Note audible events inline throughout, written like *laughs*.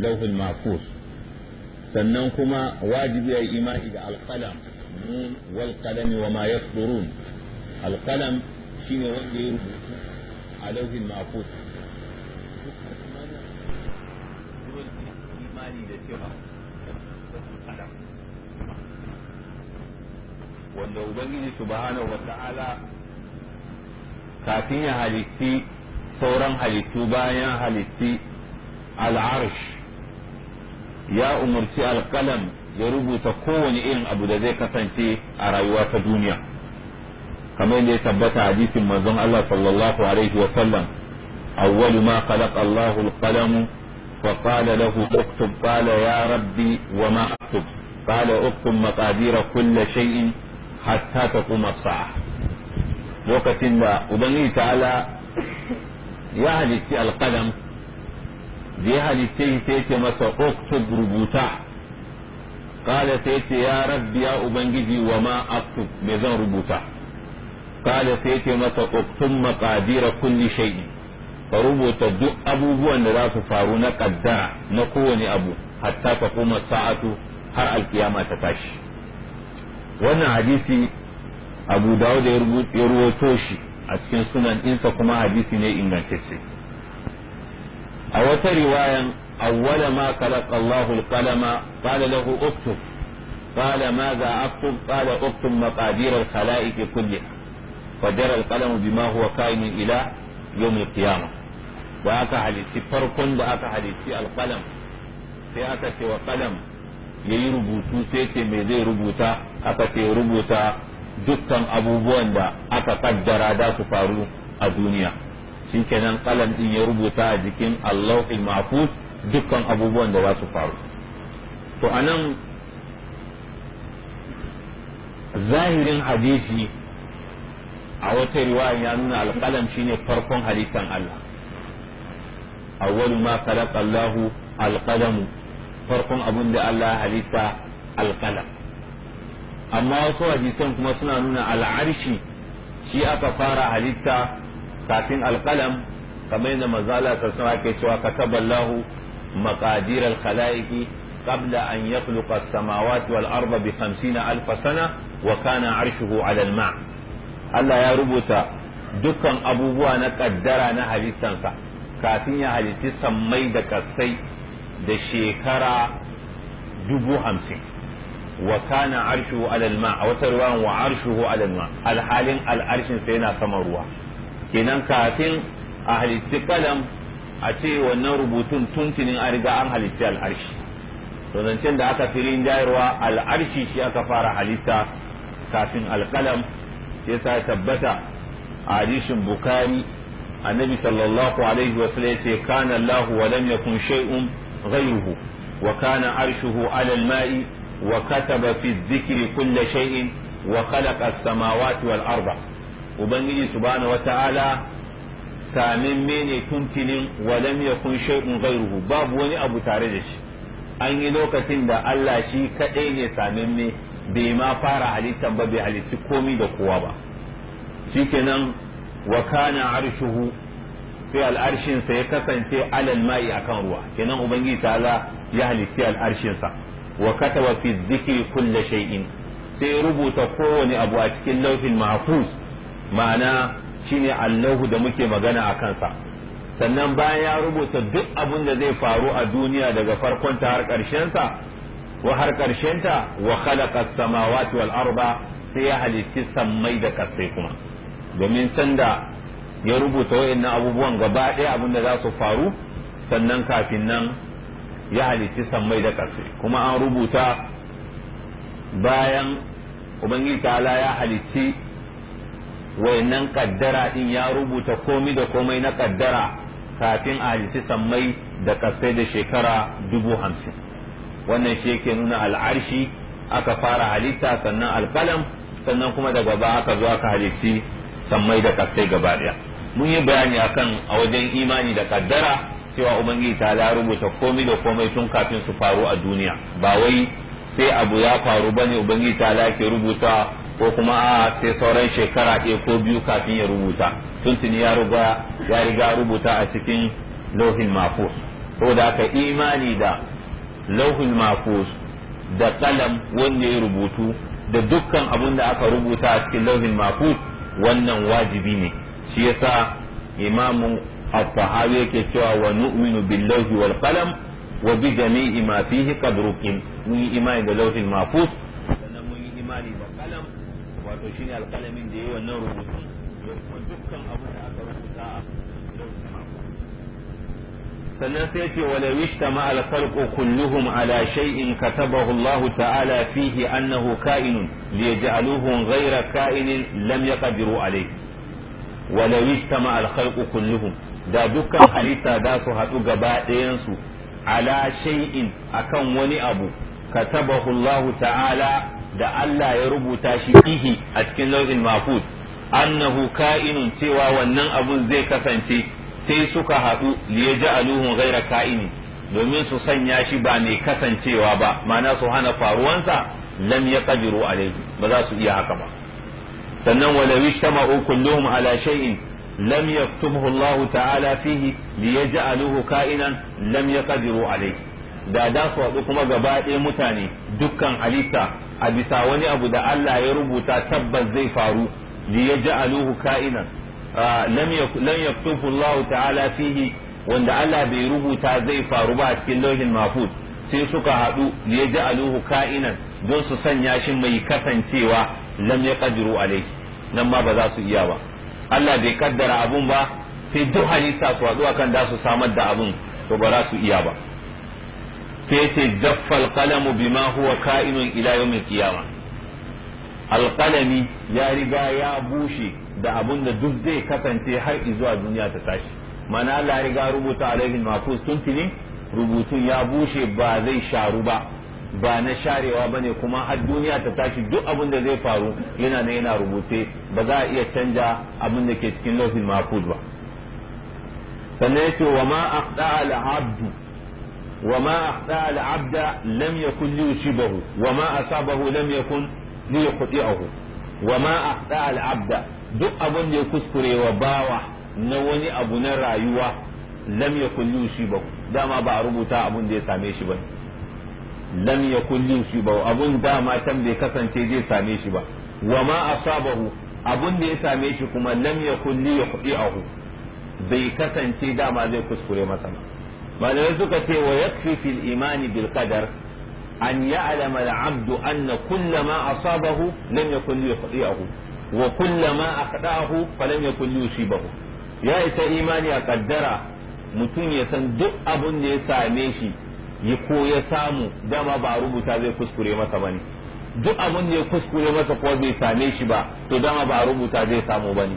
lauhul makus. sannan kuma wajibi ya yi imani da alqalam nun wal qalami wa ma yasturun alqalam shine wanda ya rubutu a lauhul mahfuz wanda ubangiji subhanahu wa ta'ala kafin ya halitti sauran halittu bayan halitti al'arsh ya umarci alkalam ya rubuta kowane irin abu da zai kasance a rayuwa ta duniya kamar yadda ya tabbata hadisin manzon Allah sallallahu alaihi wa sallam awwalu ma khalaqa Allahu al fa qala lahu uktub qala ya rabbi wa ma aktub qala uktub maqadir kulli shay'in hatta taqum as lokacin da ubangiji ta'ala ya halitti alqalam da ya halitta yi sai ce masa oktub rubuta kala sai ce ya rabbi ya ubangiji wa ma aktub me zan rubuta kala sai ce masa oktub maqadira kulli shay'in ka rubuta duk abubuwan da za su faru na kaddara na kowane abu hatta ka kuma sa'atu har alkiyama ta tashi wannan hadisi abu dawud ya ruwato shi a cikin sunan insa kuma hadisi ne ingantacce a wata riwayan awwala ma khalaqa Allahu al-qalama qala lahu uktub قال ماذا أكتب قال أكتب مقادير الخلائق كلها فجرى القلم da aka halitti farkon da aka halitti alƙalam sai aka ce wa ƙalam ya yi rubutu sai ce me zai rubuta aka ce rubuta dukkan abubuwan da aka ƙaddara da su faru a duniya shikenan kalam din ya rubuta a jikin allahul mahfuz dukkan abubuwan da za su faru to anan zahirin hadisi a wata riwaya ya nuna alƙalam shine farkon halittan Allah awwalu ma khalaqa Allahu alqalam farkon abun da Allah halitta alqalam amma wasu hadisan kuma suna nuna al'arshi shi aka fara halitta kafin alqalam kamar yadda manzo Allah sallallahu alaihi cewa kataballahu maqadir alkhalaiqi qabla an yakhluqa as-samawati wal arda bi 50000 sana wa kana arshuhu ala al-ma' Allah ya rubuta dukkan abubuwa na kaddara na halittansa kafin ya halitti sammai da kasai da shekara dubu hamsin wa kana arshuhu ala al-ma' a wata ruwan wa arshuhu ala al-ma' alhalin al'arshin sai yana saman ruwa kenan kafin a halitti kalam a ce wannan rubutun tuntunin an riga an halitti al'arshi to da aka filin jayarwa al'arshi shi aka fara halitta kafin alkalam ya sa tabbata a hadisin bukari annabi sallallahu alaihi wa sallam yace kana Allah wa lam yakun shay'un ghayruhu wa kana arshuhu ala al-ma'i wa kataba fi adh-dhikri shay'in wa khalaqa as-samawati wal arda ubangiji subhanahu wata'ala samin mene tuntunin walam yakun shay'un ghairuhu babu wani abu tare da shi an yi lokacin da Allah shi kadai ne samin me bai ma fara halittan ba bai halitti komi da kowa ba shikenan wa kana arshuhu sai al'arshinsa ya kasance alal ma'i akan ruwa kenan ubangiji ta'ala ya halitti sa wa kataba fi dhikri kulli shay'in sai rubuta kowane abu a cikin lauhin mahfuz ma'ana shine allahu da muke magana a kansa sannan bayan ya rubuta duk abin da zai faru a duniya daga farkon ta har sa wa har ƙarshenta wa khalaqa samawati wal arda sai ya halitti sammai da kasai kuma domin sanda ya rubuta wayannan abubuwan gaba ɗaya abin da za su faru sannan kafin nan ya halitti sammai da kasai kuma an rubuta bayan ubangiji ta'ala ya halitti wayannan kaddara din ya rubuta komai da komai na kaddara kafin a halitti sammai da kasai da shekara dubu hamsin wannan shi yake nuna al'arshi aka fara halitta sannan alkalam sannan kuma daga ba aka zo aka halitti sammai da kasai gaba daya mun yi bayani akan a wajen imani da kaddara cewa ubangiji ta la rubuta komai da komai tun kafin su faru a duniya ba wai sai abu ya faru bane ubangiji ta la ke rubuta ko kuma a sai sauran shekara ɗaya ko biyu kafin ya rubuta tuntuni ya riga ya riga rubuta a cikin lauhin mafus da aka imani da lauhin mafus da kalam wanda ya rubutu da dukkan abin da aka rubuta a cikin lauhin mafus wannan wajibi ne shi yasa imamu الطحاوي yake cewa wa nu'minu billahi wal qalam wa bi jami'i ma fihi qadrukin mun imani da lauhin mafus wato alƙalamin da wannan rubutu dukkan abu da aka rubuta sannan sai ce wala wishta ma al kulluhum ala shay'in katabahu Allah ta'ala fihi annahu ka'inun liyaj'aluhu ghayra ka'inin lam yaqdiru alayh wala wishta ma al kulluhum da dukkan halitta da su haɗu gaba su ala shay'in akan wani abu katabahu Allah ta'ala da Allah ya rubuta shi fihi a cikin lauhin mahfuz annahu ka'inun cewa wannan abun zai kasance sai suka haɗu liyaj'aluhu ghaira ka'ini domin su sanya shi ba mai kasancewa ba ma'ana su hana faruwansa lam yaqdiru alayhi ba za su iya haka ba sannan walaw ishtama'u kulluhum ala shay'in lam yaktubhu Allah ta'ala fihi liyaj'aluhu ka'inan lam yaqdiru alayhi da da su haɗu kuma gaba ɗaya mutane dukkan halitta a bisa wani abu da Allah ya rubuta tabbas zai faru li yaj'aluhu ka'inan ah, lam yaktubu Allah ta'ala fihi wanda Allah bai rubuta zai faru ba a cikin lauhin mafud sai suka haɗu li yaj'aluhu ka'inan don su sanya shi mai kasancewa lam yaqdiru alayhi nan ma ba za su iya ba Allah bai kaddara abun ba sai duk halitta su haɗu akan da su samar da abun to ba za su iya ba sai ce jaffal bi bima huwa ka'inun ila mai qiyama alƙalami ya riga ya bushe da abun da duk zai kasance har zuwa duniya ta tashi mana Allah ya riga rubuta alaihi mafus tuntuni rubutun ya bushe ba zai sharu ba ba na sharewa ne kuma har duniya ta tashi duk abin da zai faru yana na yana rubuce ba za a iya canja abin da ke cikin lafin mafuz ba sannan ce wa ma aqda al abdu وما أخطأ العبد لم يكن ليصيبه وما أصابه لم يكن ليخطئه وما أخطأ العبد duk abin da ya kuskure wa bawa na wani abu na rayuwa lam shi yusiba dama ba a rubuta abin da ya same shi ba lam shi yusiba abun dama can bai kasance zai same shi ba wa ma asabahu abun da ya same shi kuma lam yakun liyuqdihu bai kasance dama zai kuskure masa ba malamai suka ce wa yakfi fil imani bil qadar an ya'lama al abdu anna kullama a lam yakun yukhti'ahu wa kullama akhda'ahu falam yakun yusibahu ya isa imani a kaddara mutum ya san duk abun da ya same shi ya ko ya samu dama ba rubuta zai kuskure masa bane duk abun da ya kuskure masa ko bai same shi ba to dama ba a rubuta zai samu bane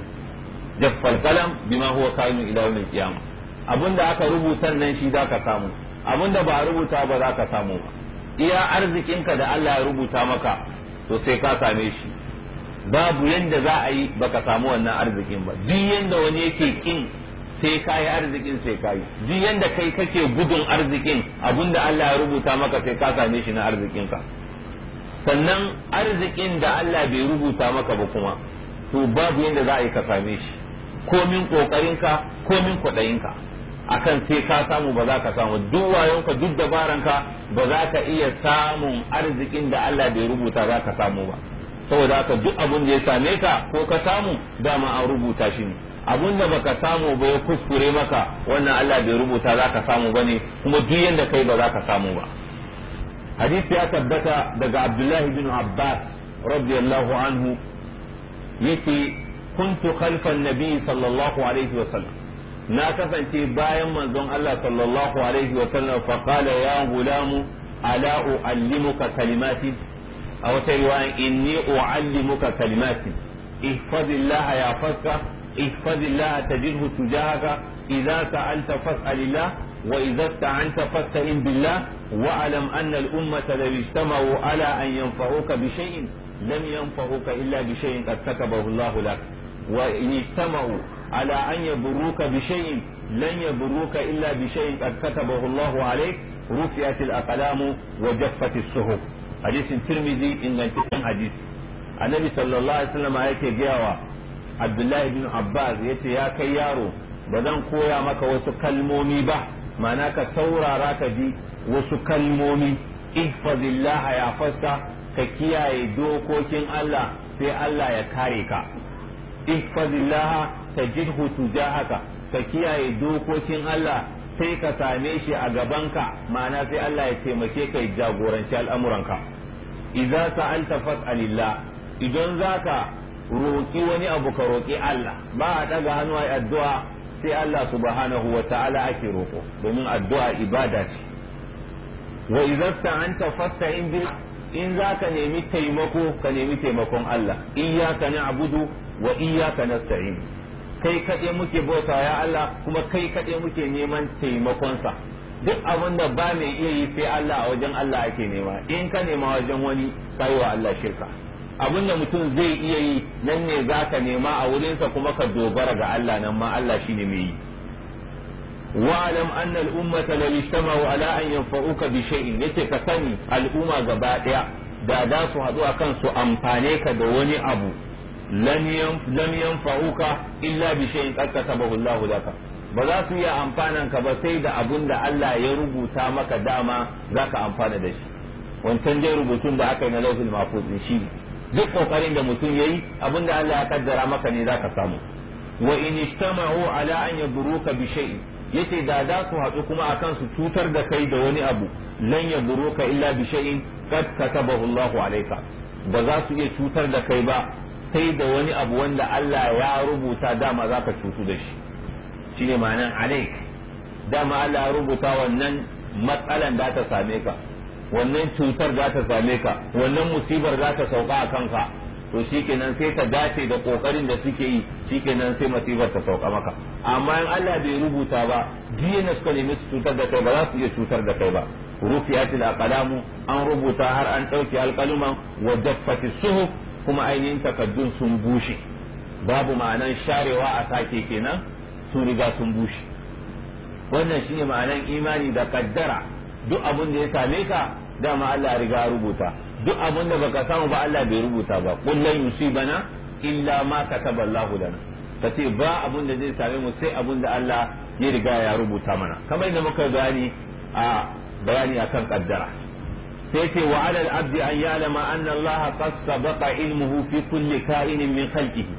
jaffal kalam bima huwa kainu ila yawmil qiyamah abin da aka rubuta nan shi za ka samu abin da ba rubuta ba za ka samu iya arzikinka da Allah ya rubuta maka to sai ka same shi babu yanda za a yi baka samu wannan arzikin ba duk yanda wani yake kin sai ka yi arzikin sai ka yi duk yanda kai kake gudun arzikin abin da Allah ya rubuta maka sai ka same shi na arzikinka sannan arzikin da Allah bai rubuta maka ba kuma to babu yanda za a yi ka same shi komin kokarinka komin kwaɗayinka akan sai ka samu ba za ka samu duk wayonka duk dabaranka ba za ka iya samun arzikin da Allah bai rubuta za ka samu ba saboda haka duk abun da ya same ka ko ka samu dama an rubuta shi ne abun da baka samu ba ya kuskure maka wannan Allah bai rubuta za ka samu ba ne kuma duk yanda kai ba za ka samu ba hadisi ya tabbata daga Abdullahi bin Abbas radiyallahu anhu yake kuntu khalfan nabi sallallahu alaihi wasallam na kasance bayan manzon Allah sallallahu alaihi wa sallam fa qala ya gulamu ala uallimuka kalimati a wata riwaya inni uallimuka kalimati ihfazillaha ya faska ihfazillaha tajidhu tujahaka idza sa'alta fas'alillah وإذا استعنت فاستعن بالله واعلم أن الأمة لو اجتمعوا على أن ينفعوك بشيء لم ينفعوك إلا بشيء قد كتبه الله لك وإن اجتمعوا ala an yabruka bi shay'in lan yabruka illa bi shay'in qad katabahu Allahu alayk رفعت الأقلام وجفت الصحف حديث الترمذي إن كان حديث النبي صلى الله عليه وسلم يأتي جاوة عبد الله بن عباس يأتي يا كيارو بدن قويا مك وسكلمومي به معناك ثورة راكدي وسكلمومي احفظ الله يا فسا ككيا يدوكوكين الله في الله يكاريك احفظ الله ja haka ka kiyaye dokokin Allah sai ka same shi a gabanka ma'ana sai Allah ya taimake ka ya jagoranci al'amuranka ka sa'alta fas'alillah idan ka roki wani abu ka roƙi Allah ba a ɗaga hannu addu'a sai Allah subhanahu wa ta'ala ake roƙo domin addu'a ibada ce wa idza sta'anta fasta'in in za ka nemi taimako ka nemi taimakon Allah na abudu wa iyyaka nasta'in kai kaɗai muke bauta ya Allah kuma kai kaɗai muke neman taimakonsa duk abin da ba mai iya yi sai Allah a wajen Allah ake nema in ka nema wajen wani ka wa Allah shirka abin da mutum zai iya yi nan ne za ka nema a wurinsa kuma ka dogara ga Allah nan ma Allah shi ne mai yi wa'alam anna ummata law ijtama'u ala an yanfa'uka bi shay'in yace ka sani al'umma gaba daya da za su haɗu akan su amfane ka da wani abu Lanyan yanfa'uka illa bi shay'in qad Allah laka ba za su iya amfanan ka ba sai da abun da Allah ya rubuta maka dama zaka amfana da shi wancan dai rubutun da aka yi na lauhul mahfuz shi duk kokarin da mutum yayi abun da Allah ya kaddara maka ne zaka samu wa in ijtama'u ala an yadruka bi shay'in yace da za su haɗu kuma akan su cutar da kai da wani abu lan yadruka illa bi shay'in qad katabahu Allah alayka ba za su iya cutar da kai ba sai da wani abu wanda Allah ya rubuta dama za ka cutu da shi shine ma'anan alaik dama Allah ya rubuta wannan matsalan da ta same ka wannan cutar za ta same ka wannan musibar za ta sauka a kanka to shikenan sai ka dace da kokarin da suke yi shikenan sai musibar ta sauka maka amma in Allah bai rubuta ba na suka nemi su cutar da kai ba za su iya cutar da kai ba rufiyatil aqlamu an rubuta har an dauki alqaluman wa daffati suhuf kuma ainihin takaddun sun bushe babu ma'anan sharewa a sake kenan sun riga sun bushe wannan shine ma'anan imani da kaddara duk abin da ya same ka dama Allah ya riga rubuta duk abin da baka samu ba Allah bai rubuta ba kullai musibana illa ma kataba Allah lana kace ba abin da zai same mu sai abin da Allah ya riga ya rubuta mana kamar da muka gani a bayani akan kaddara sai ce wa alal abdi an ya'lama anna Allah qad ilmuhu fi kulli ka'inin min khalqihi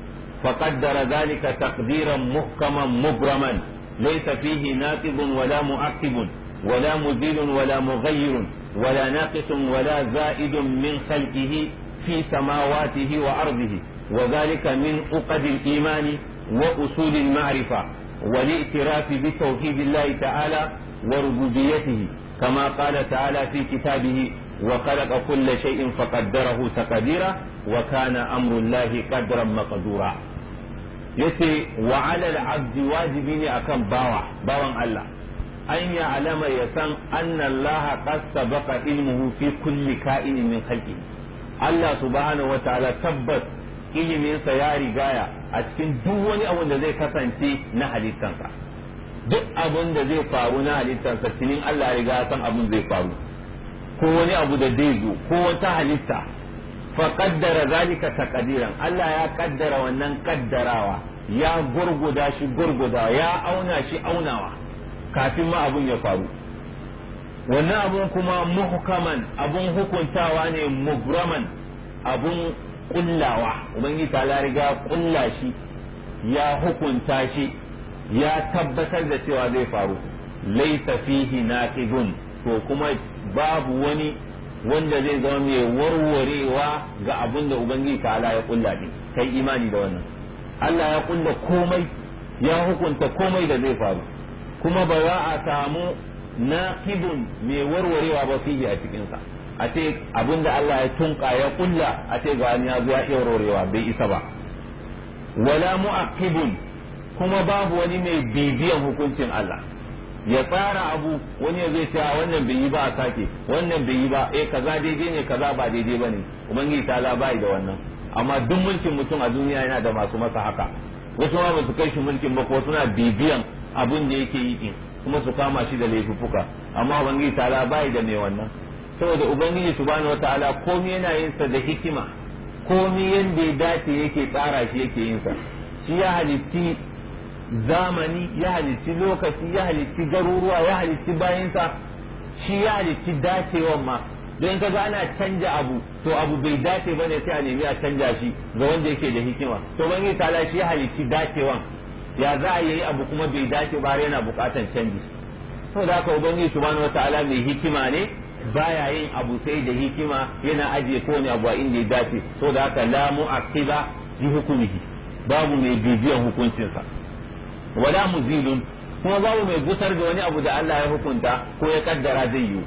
fa qaddara dhalika taqdiran muhkaman mubraman laysa fihi naqidun wala mu'aqqibun wala mudilun wala mughayyirun wala naqisun wala zaidun min khalqihi fi samawatihi wa ardihi wa dhalika min uqadil imani wa usulil ma'rifa wa li'tirafi bi tawhidillahi ta'ala wa rububiyyatihi كما قال تعالى في كتابه وخلق كل شيء فقدره تقديرا وكان أمر الله قدرا مقدورا yace wa alal abdi wajibi ne akan bawa bawan Allah an ya alama ya san anna Allah baƙa sabaqa ilmuhu fi kulli ka'in min khalqihi Allah subhanahu wa ta'ala tabbas iliminsa ya rigaya a cikin duk wani abun da zai kasance na halittansa duk abin da zai faru na halittarsa tinin Allah riga san abin zai faru ko wani abu da zai zo ko wata halitta fa kaddara zalika takadiran Allah ya kaddara wannan kaddarawa ya gurguda shi gurguda ya auna shi aunawa kafin ma abun ya faru wannan abun kuma muhkaman abun hukuntawa ne mugraman abun kullawa ubangiji ta riga kulla shi ya hukunta shi ya tabbatar da cewa zai faru laisa fihi naqidun to kuma babu wani wanda zai zama mai warwarewa ga abin da ubangiji ta'ala ya kulla din kai imani da wannan Allah ya kulla komai ya hukunta komai da zai faru kuma ba za a samu naqidun mai warwarewa ba fihi a cikin sa a ce abin Allah ya tunka ya kulla a ce ga wani ya zo ya warwarewa bai isa ba wala mu'aqibun kuma babu wani mai bibiyan hukuncin Allah ya tsara abu wani ya zai ce wannan bai yi ba a sake wannan bai yi ba eh kaza daidai ne kaza ba daidai bane ubangiji ta bai da wannan amma duk mulkin mutum a duniya yana da masu masa haka wasu ma basu kai shi mulkin ba ko suna bibiyan abin da yake yi din kuma su kama shi da laifuffuka amma ubangiji ta bai da mai wannan saboda ubangiji subhanahu wataala komai yana yin sa da hikima komai yanda ya dace yake tsara shi yake yin sa shi ya halitti zamani ya halicci lokaci ya halicci garuruwa ya halicci bayansa shi ya halicci dacewan ma don ka ga ana canja abu to abu bai dace ba ne sai a nemi a canja shi ga wanda yake da hikima to ban yi tala shi ya halicci dacewan ya za a yi abu kuma bai dace ba yana bukatan canji to da ka ubangi subhanahu wataala mai hikima ne baya yin abu sai da hikima yana ajiye kowane abu a inda ya dace to da lamu la mu'aqiba bi hukumihi babu mai bibiyan hukuncinsa wala muzilun kuma babu mai gusar da wani abu da Allah ya hukunta ko ya kaddara zai yi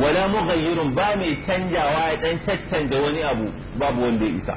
wala mughayyirun ba mai canjawa ya dan caccanja wani abu babu wanda ya isa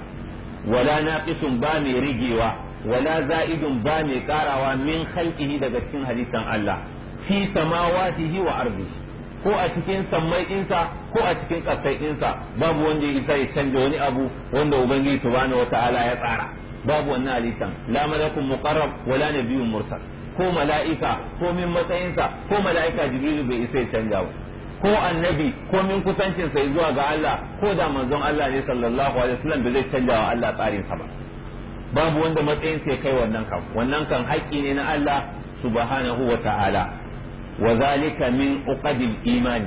wala naqisun ba mai rigewa wala za'idun ba mai karawa min khalqihi daga cikin halittan Allah fi samawatihi wa ardihi ko a cikin sammai insa ko a cikin ƙasai insa babu wanda ya isa ya canja wani abu wanda ubangiji subhanahu wata'ala ya tsara babu wannan halittan la malakun muqarrab wala nabiyyun mursal ko mala'ika ko min matsayinsa ko mala'ika jibrilu bai isa ya canja ba ko annabi ko min kusancinsa zuwa ga Allah ko da manzon Allah ne sallallahu alaihi wasallam bai zai canja wa Allah tsarin sa ba babu wanda matsayinsa ya kai wannan kan wannan kan haƙƙi ne na Allah subhanahu wa ta'ala wa zalika min uqadil iman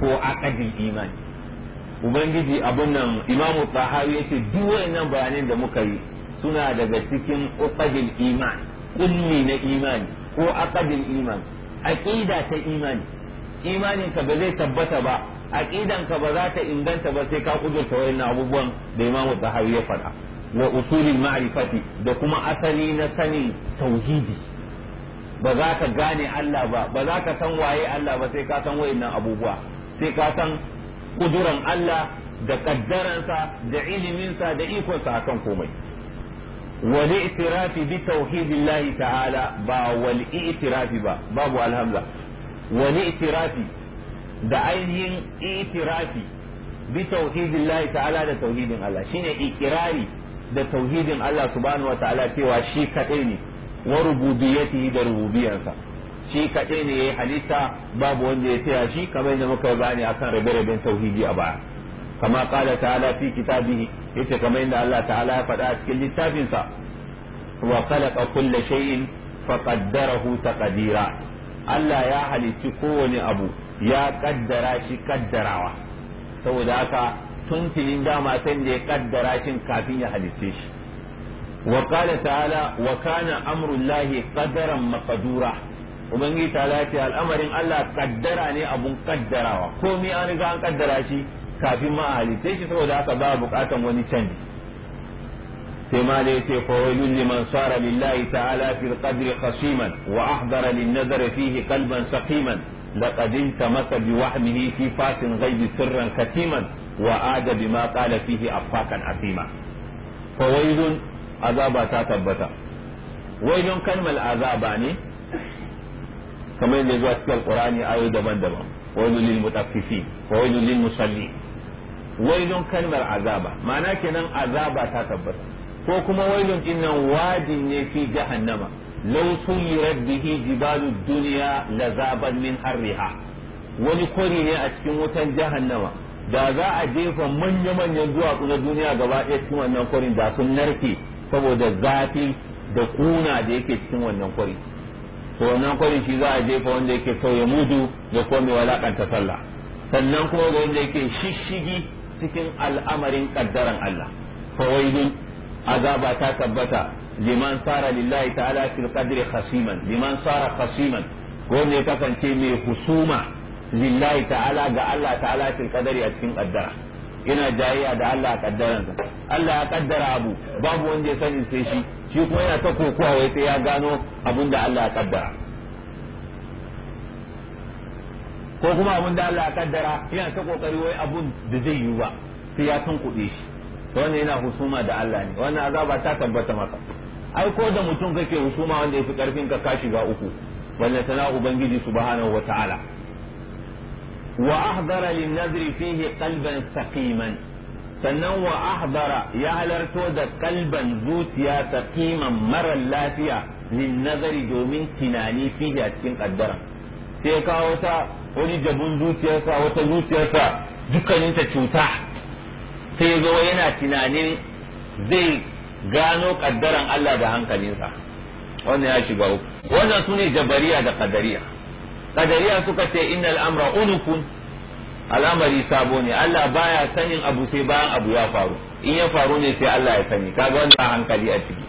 ko aqadil iman. ubangiji abun nan imamu tahawi yake duk wayannan bayanan da muka yi suna daga cikin uqadil iman kulli na imani ko ƙadin iman aqida ta imani imanin ka ba zai tabbata ba aqidan ka ba za ta inganta ba sai ka kudurta wannan abubuwan da Imam Zahawi ya faɗa wa usulil ma'rifati da kuma asali na sanin tauhidi ba za ka gane Allah ba ba za ka san waye Allah ba sai ka san wayannan abubuwa sai ka san kuduran Allah da kaddaransa da iliminsa da ikonsa akan komai والاعتراف بتوحيد الله تعالى با والاعتراف با باب الهمزة والاعتراف بعينهم اعتراف بتوحيد الله تعالى ده توحيد الله شنو اقراري ده توحيد الله سبحانه وتعالى cewa shi kadai ne wa rububiyatihi da rububiyarsa shi kadai ne yayi halitta babu wanda ya taya shi kamar yadda muka gane akan rabe-raben tauhidi a baya kama qala ta'ala fi kitabihi yace kamar inda Allah ta'ala ya faɗa a cikin littafinsa wa khalaqa kulla shay'in faqaddarahu taqdira Allah ya halicci kowane abu ya ƙaddara shi kaddarawa saboda haka tun tuntunin dama san da ya ƙaddara shi kafin ya halicce shi wa qala ta'ala wa kana amrullahi qadaran maqdura ubangiji lafiya al'amarin Allah ƙaddara ne abun ƙaddarawa komai an riga an kaddara shi kafin ma a halitta shi saboda haka ba bukatan wani canji sai ma da yace fa wailul liman sara lillahi ta'ala fil qadri qasiman wa ahdara lin nazar fihi qalban saqiman laqad intamaka bi wahmihi fi fatin ghaibi sirran katiman wa ada bima qala fihi afakan asima fa wailun azaba ta tabbata wailun kalmal azaba ne kamar yadda zuwa cikin qur'ani ayoyi daban-daban wailul lil mutaffifin wa wailul lil musallin wailun kalmar azaba ma'ana kenan azaba ta tabbata ko kuma wailun dinnan wadin ne fi jahannama law suyirat bihi jibalu dunya lazaban min harriha wani kori ne a cikin wutan jahannama da za a jefa manya-manyan duwatsu na duniya gaba ɗaya cikin wannan kwarin da sun narke saboda zafi da kuna da yake cikin wannan kwari to wannan kwarin shi za a jefa wanda yake sauya mudu da kome walakanta sallah sannan kuma ga wanda yake shishigi cikin al'amarin kaddaran Allah fawailin azaba ta tabbata liman sara lillahi ta'ala fil qadri khasiman liman sara khasiman ko ne kasance mai husuma lillahi ta'ala ga Allah ta'ala fil qadri a cikin kaddara ina jayayya da Allah a kaddaransa Allah ya kaddara abu babu wanda ya sani sai shi shi kuma yana ta kokowa wai sai ya gano abin da Allah ya kaddara ko kuma abun da Allah ya kaddara yana ta kokari wai abun da zai yi ba sai ya tun kuɗe shi wannan yana husuma da Allah ne wannan azaba ta tabbata maka ai ko da mutum kake husuma wanda yafi karfin ka ka shiga uku wannan tana ubangiji subhanahu wataala wa ahdara lin nazri fihi qalban saqiman sannan wa ahdara ya halarto da kalban zuciya saqiman mara lafiya lin nazari domin tunani fiye a cikin kaddara sai ya kawo wata wani jabun zuciyarsa wata zuciyarsa dukkaninta cuta sai ya zo yana tunanin zai gano kaddaran Allah da hankalinsa wannan ya shiga uku wannan su ne jabariya da kadariya kadariya suka ce inna al'amra unukun al'amari sabo ne Allah baya sanin abu sai bayan abu ya faru in ya faru ne sai Allah ya sani kaga wannan hankali a ciki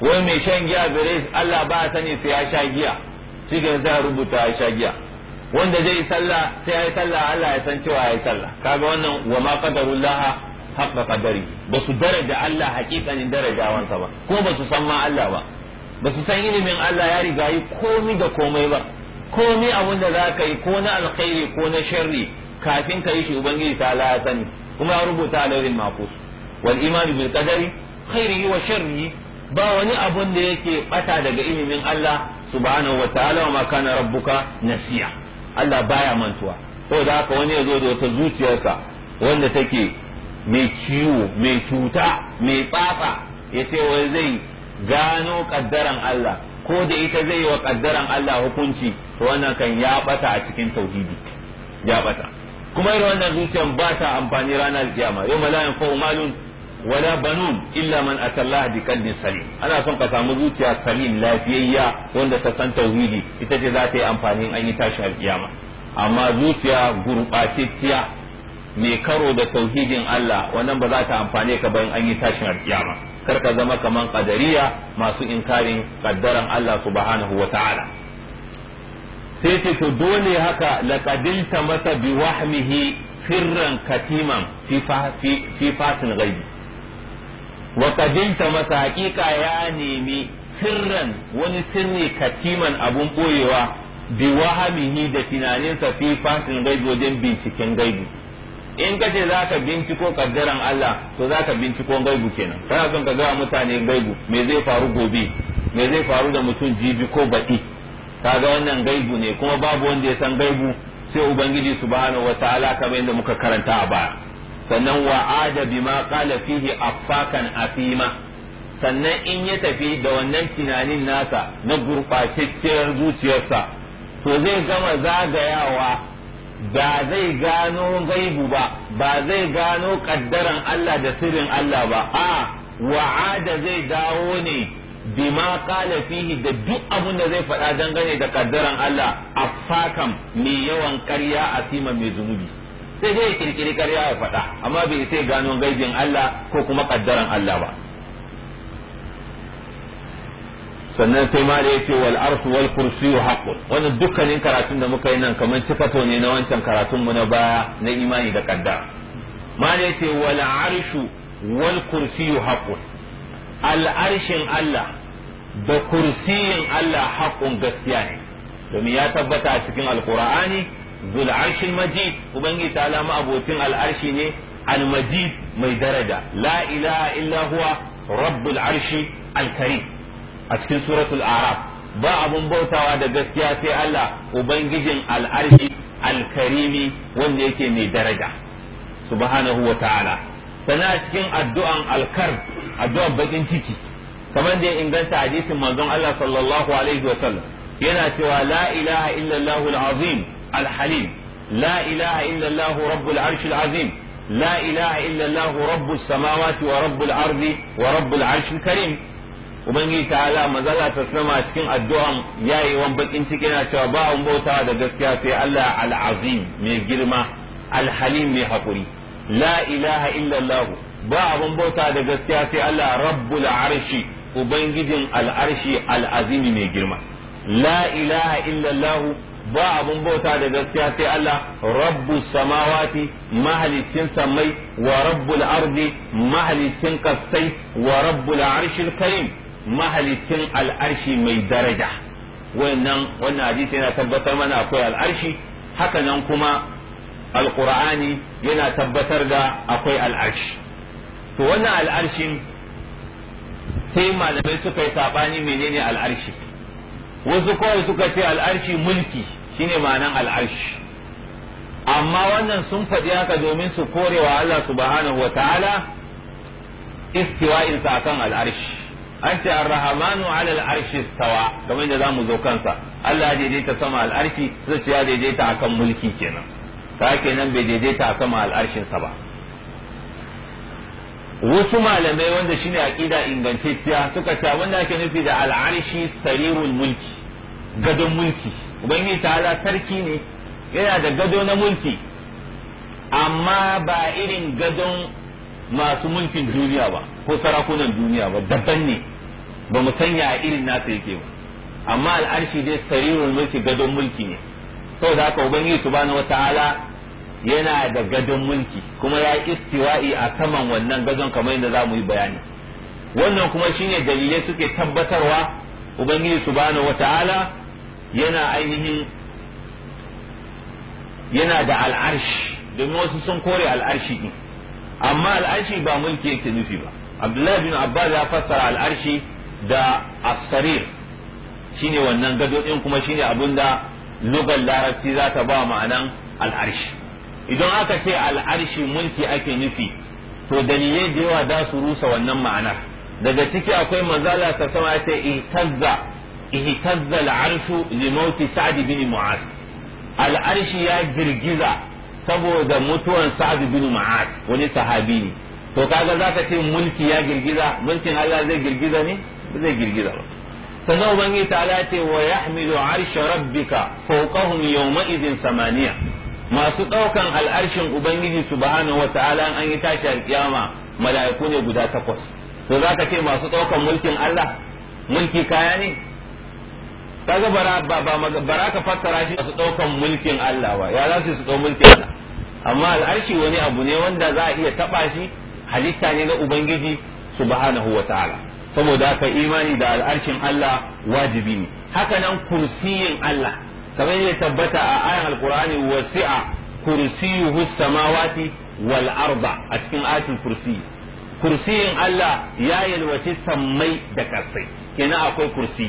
wai mai shan giya bare Allah baya sani sai ya sha giya shi ke sai a rubuta ya sha wanda zai yi sallah sai ya yi sallah Allah ya san cewa ya yi sallah kaga wannan wa ma qadarullah haqqa qadari ba su daraja Allah haƙiƙanin darajawansa ba ko ba su san ma Allah ba ba su san ilimin Allah ya riga yi komi da komai ba komi abin da za ka yi ko na alkhairi ko na sharri kafin ka yi shi ubangiji ta Allah ya sani kuma ya rubuta a lauhin mafus wal imani bil qadari khairihi wa sharrihi ba wani abun da yake bata daga ilimin Allah subhanahu wa ta'ala wa ma kana rabbuka nasiya Allah baya mantuwa ko da haka wani ya da wata zuciyarsa wanda take mai ciwo mai cuta mai tsafa ya wai zai gano kaddaran Allah ko da ita zai yi wa kaddaran Allah hukunci to wannan kan ya bata a cikin tauhidi ya bata kuma irin wannan zuciyar ba ta amfani ranar kiyama yau malayin fa'u malun wala banun illa man atallaha bi qalbin salim ana son ka samu zuciya salim lafiyayya wanda ta san tauhidi ita ce za ta yi amfani an yi tashi alkiyama amma zuciya gurbatacciya mai karo da tauhidin Allah wannan ba za ta amfane ka bayan an yi tashin alkiyama kar ka zama kaman qadariya masu inkarin kaddaran Allah subhanahu wataala sai ce to dole haka laqadilta mata bi wahmihi firran katiman fi fatin ghaibi wa kadinta masa haƙiƙa ya nemi sirran wani sirri katiman abun boyewa bi wahamihi da tunaninsa fi fasin gaibi wajen binciken gaibi in kace za ka binciko kaddaran Allah to za ka binciko gaibu kenan kana son ka ga mutane gaibu me zai faru gobe me zai faru da mutum jibi ko baɗi kaga wannan gaibu ne kuma babu wanda ya san gaibu sai ubangiji subhanahu wataala kamar yadda muka karanta a baya sannan wa'ada bima qala fihi affakan afima sannan in ya tafi da wannan tunanin nasa na gurɓatacciyar zuciyarsa to zai gama zagayawa ba zai gano gaibu ba ba zai gano ƙaddaran Allah da sirrin Allah ba a wa'ada zai dawo ne bima qala fihi da duk abun da zai faɗa dangane da ƙaddaran Allah affakan mai yawan ƙarya asima mai zunubi sai dai ya kirkiri karya ya faɗa amma bai sai gano gaibin Allah ko kuma ƙaddaran Allah ba sannan sai ma da ya ce wal arsu wal wa haqqun wannan dukkanin karatun da muka yi nan kamar cikato ne na wancan karatun mu na baya na imani da kadda. ma da ya ce wal arshu wal wa haqqun al arshin Allah da kursiyin Allah haqqun gaskiya ne domin ya tabbata a cikin alqur'ani zul arshil majid ubangiji ta'ala ma abocin ne al majid mai daraja la ilaha illa huwa rabbul arshi al karim a cikin suratul araf ba abun bautawa da gaskiya sai Allah ubangijin al arshi al karimi wanda yake mai daraja subhanahu wa ta'ala sana cikin addu'an alkar addu'an bakin ciki kamar da ya inganta hadisin manzon Allah sallallahu alaihi wa sallam yana cewa la ilaha illallah al-azim الحليم لا إله إلا الله رب العرش العظيم لا إله إلا الله رب السماوات ورب الأرض ورب العرش الكريم ubangiji ta'ala mazala ta sama cikin addu'an yayi wan bakin ciki yana cewa ba an bauta da gaskiya sai Allah al-azim girma al mai haƙuri la ilaha illa ba abun bauta da gaskiya sai Allah rabbul ubangijin al-arshi mai girma la ilaha ba abun bauta da gaskiya sai Allah rabbu samawati mahalicin sammai wa rabbul ardi mahalicin kasai wa rabbul arshil karim mahalicin al'arshi mai daraja wannan wannan hadisi yana tabbatar mana akwai al'arshi haka nan kuma alqur'ani yana tabbatar da akwai al'arshi to wannan al'arshin sai malamai suka yi sabani menene al'arshi wasu kawai suka ce al'arshi mulki shine ma'anan al'arshi amma wannan sun faɗi haka domin su wa Allah subhanahu wa ta'ala istiwa'insa akan al'arshi an ce arrahamanu ala al'arshi game kamar da zamu zo kansa Allah ya daidaita sama al'arshi zai ya daidaita akan mulki kenan ta kenan bai daidaita sama al'arshin sa ba wasu malamai wanda shine aqida ingantacciya suka ce wanda ake nufi da al'arshi sarirul mulki gadon mulki ubangiji ta'ala sarki ne yana da gado na mulki amma ba irin gadon masu mulkin duniya ba ko sarakunan duniya ba daban ne ba mu sanya a irin nasa yake ba amma al'arshi dai sarirul mulki gadon mulki ne saboda haka ubangiji subhanahu wataala yana da gadon mulki kuma ya istiwa'i a saman wannan gadon kamar yadda za mu yi bayani wannan kuma shine dalilai suke tabbatarwa ubangiji subhanahu wata'ala yana ainihin yana da al'arshi domin wasu sun kore al'arshi din amma al'arshi ba mulki yake nufi ba abdullahi bin abbas ya fassara al'arshi da asarir shine wannan gado din kuma shine abinda lugar larabci za ta ba ma'anan al'arshi idan aka ce al'arshi mulki ake nufi to dalilai da yawa za su rusa wannan ma'ana daga ciki akwai mazala ta sama ya ce ihtazza ihtazza al'arshu li mauti sa'd bin mu'az al'arshi ya girgiza saboda mutuwan sa'd bin mu'az wani sahabi ne to kaga zaka ce mulki ya girgiza mulkin Allah zai girgiza ne zai girgiza ba sannan ubangiji ta ce wa yahmilu arsha rabbika fawqahum yawma ma'izin samaniya masu ɗaukan al'arshin ubangiji subhanahu wata'ala an yi tashi alkiyama mala'iku ne guda takwas to za ka ce masu ɗaukan mulkin Allah mulki kaya ne kaga bara bara ka fassara shi su ɗaukan mulkin Allah ba ya za su su mulkin Allah amma al'arshi wani abu ne wanda za a iya taɓa shi halitta ne na ubangiji subhanahu wata'ala saboda ka imani da al'arshin Allah wajibi ne haka nan kursiyin Allah kamar ya tabbata a ayan alqur'ani wasi'a kursiyuhu samawati wal arda a cikin ayatul kursi kursiyin Allah ya yalwaci samai da kasai kenan akwai kursi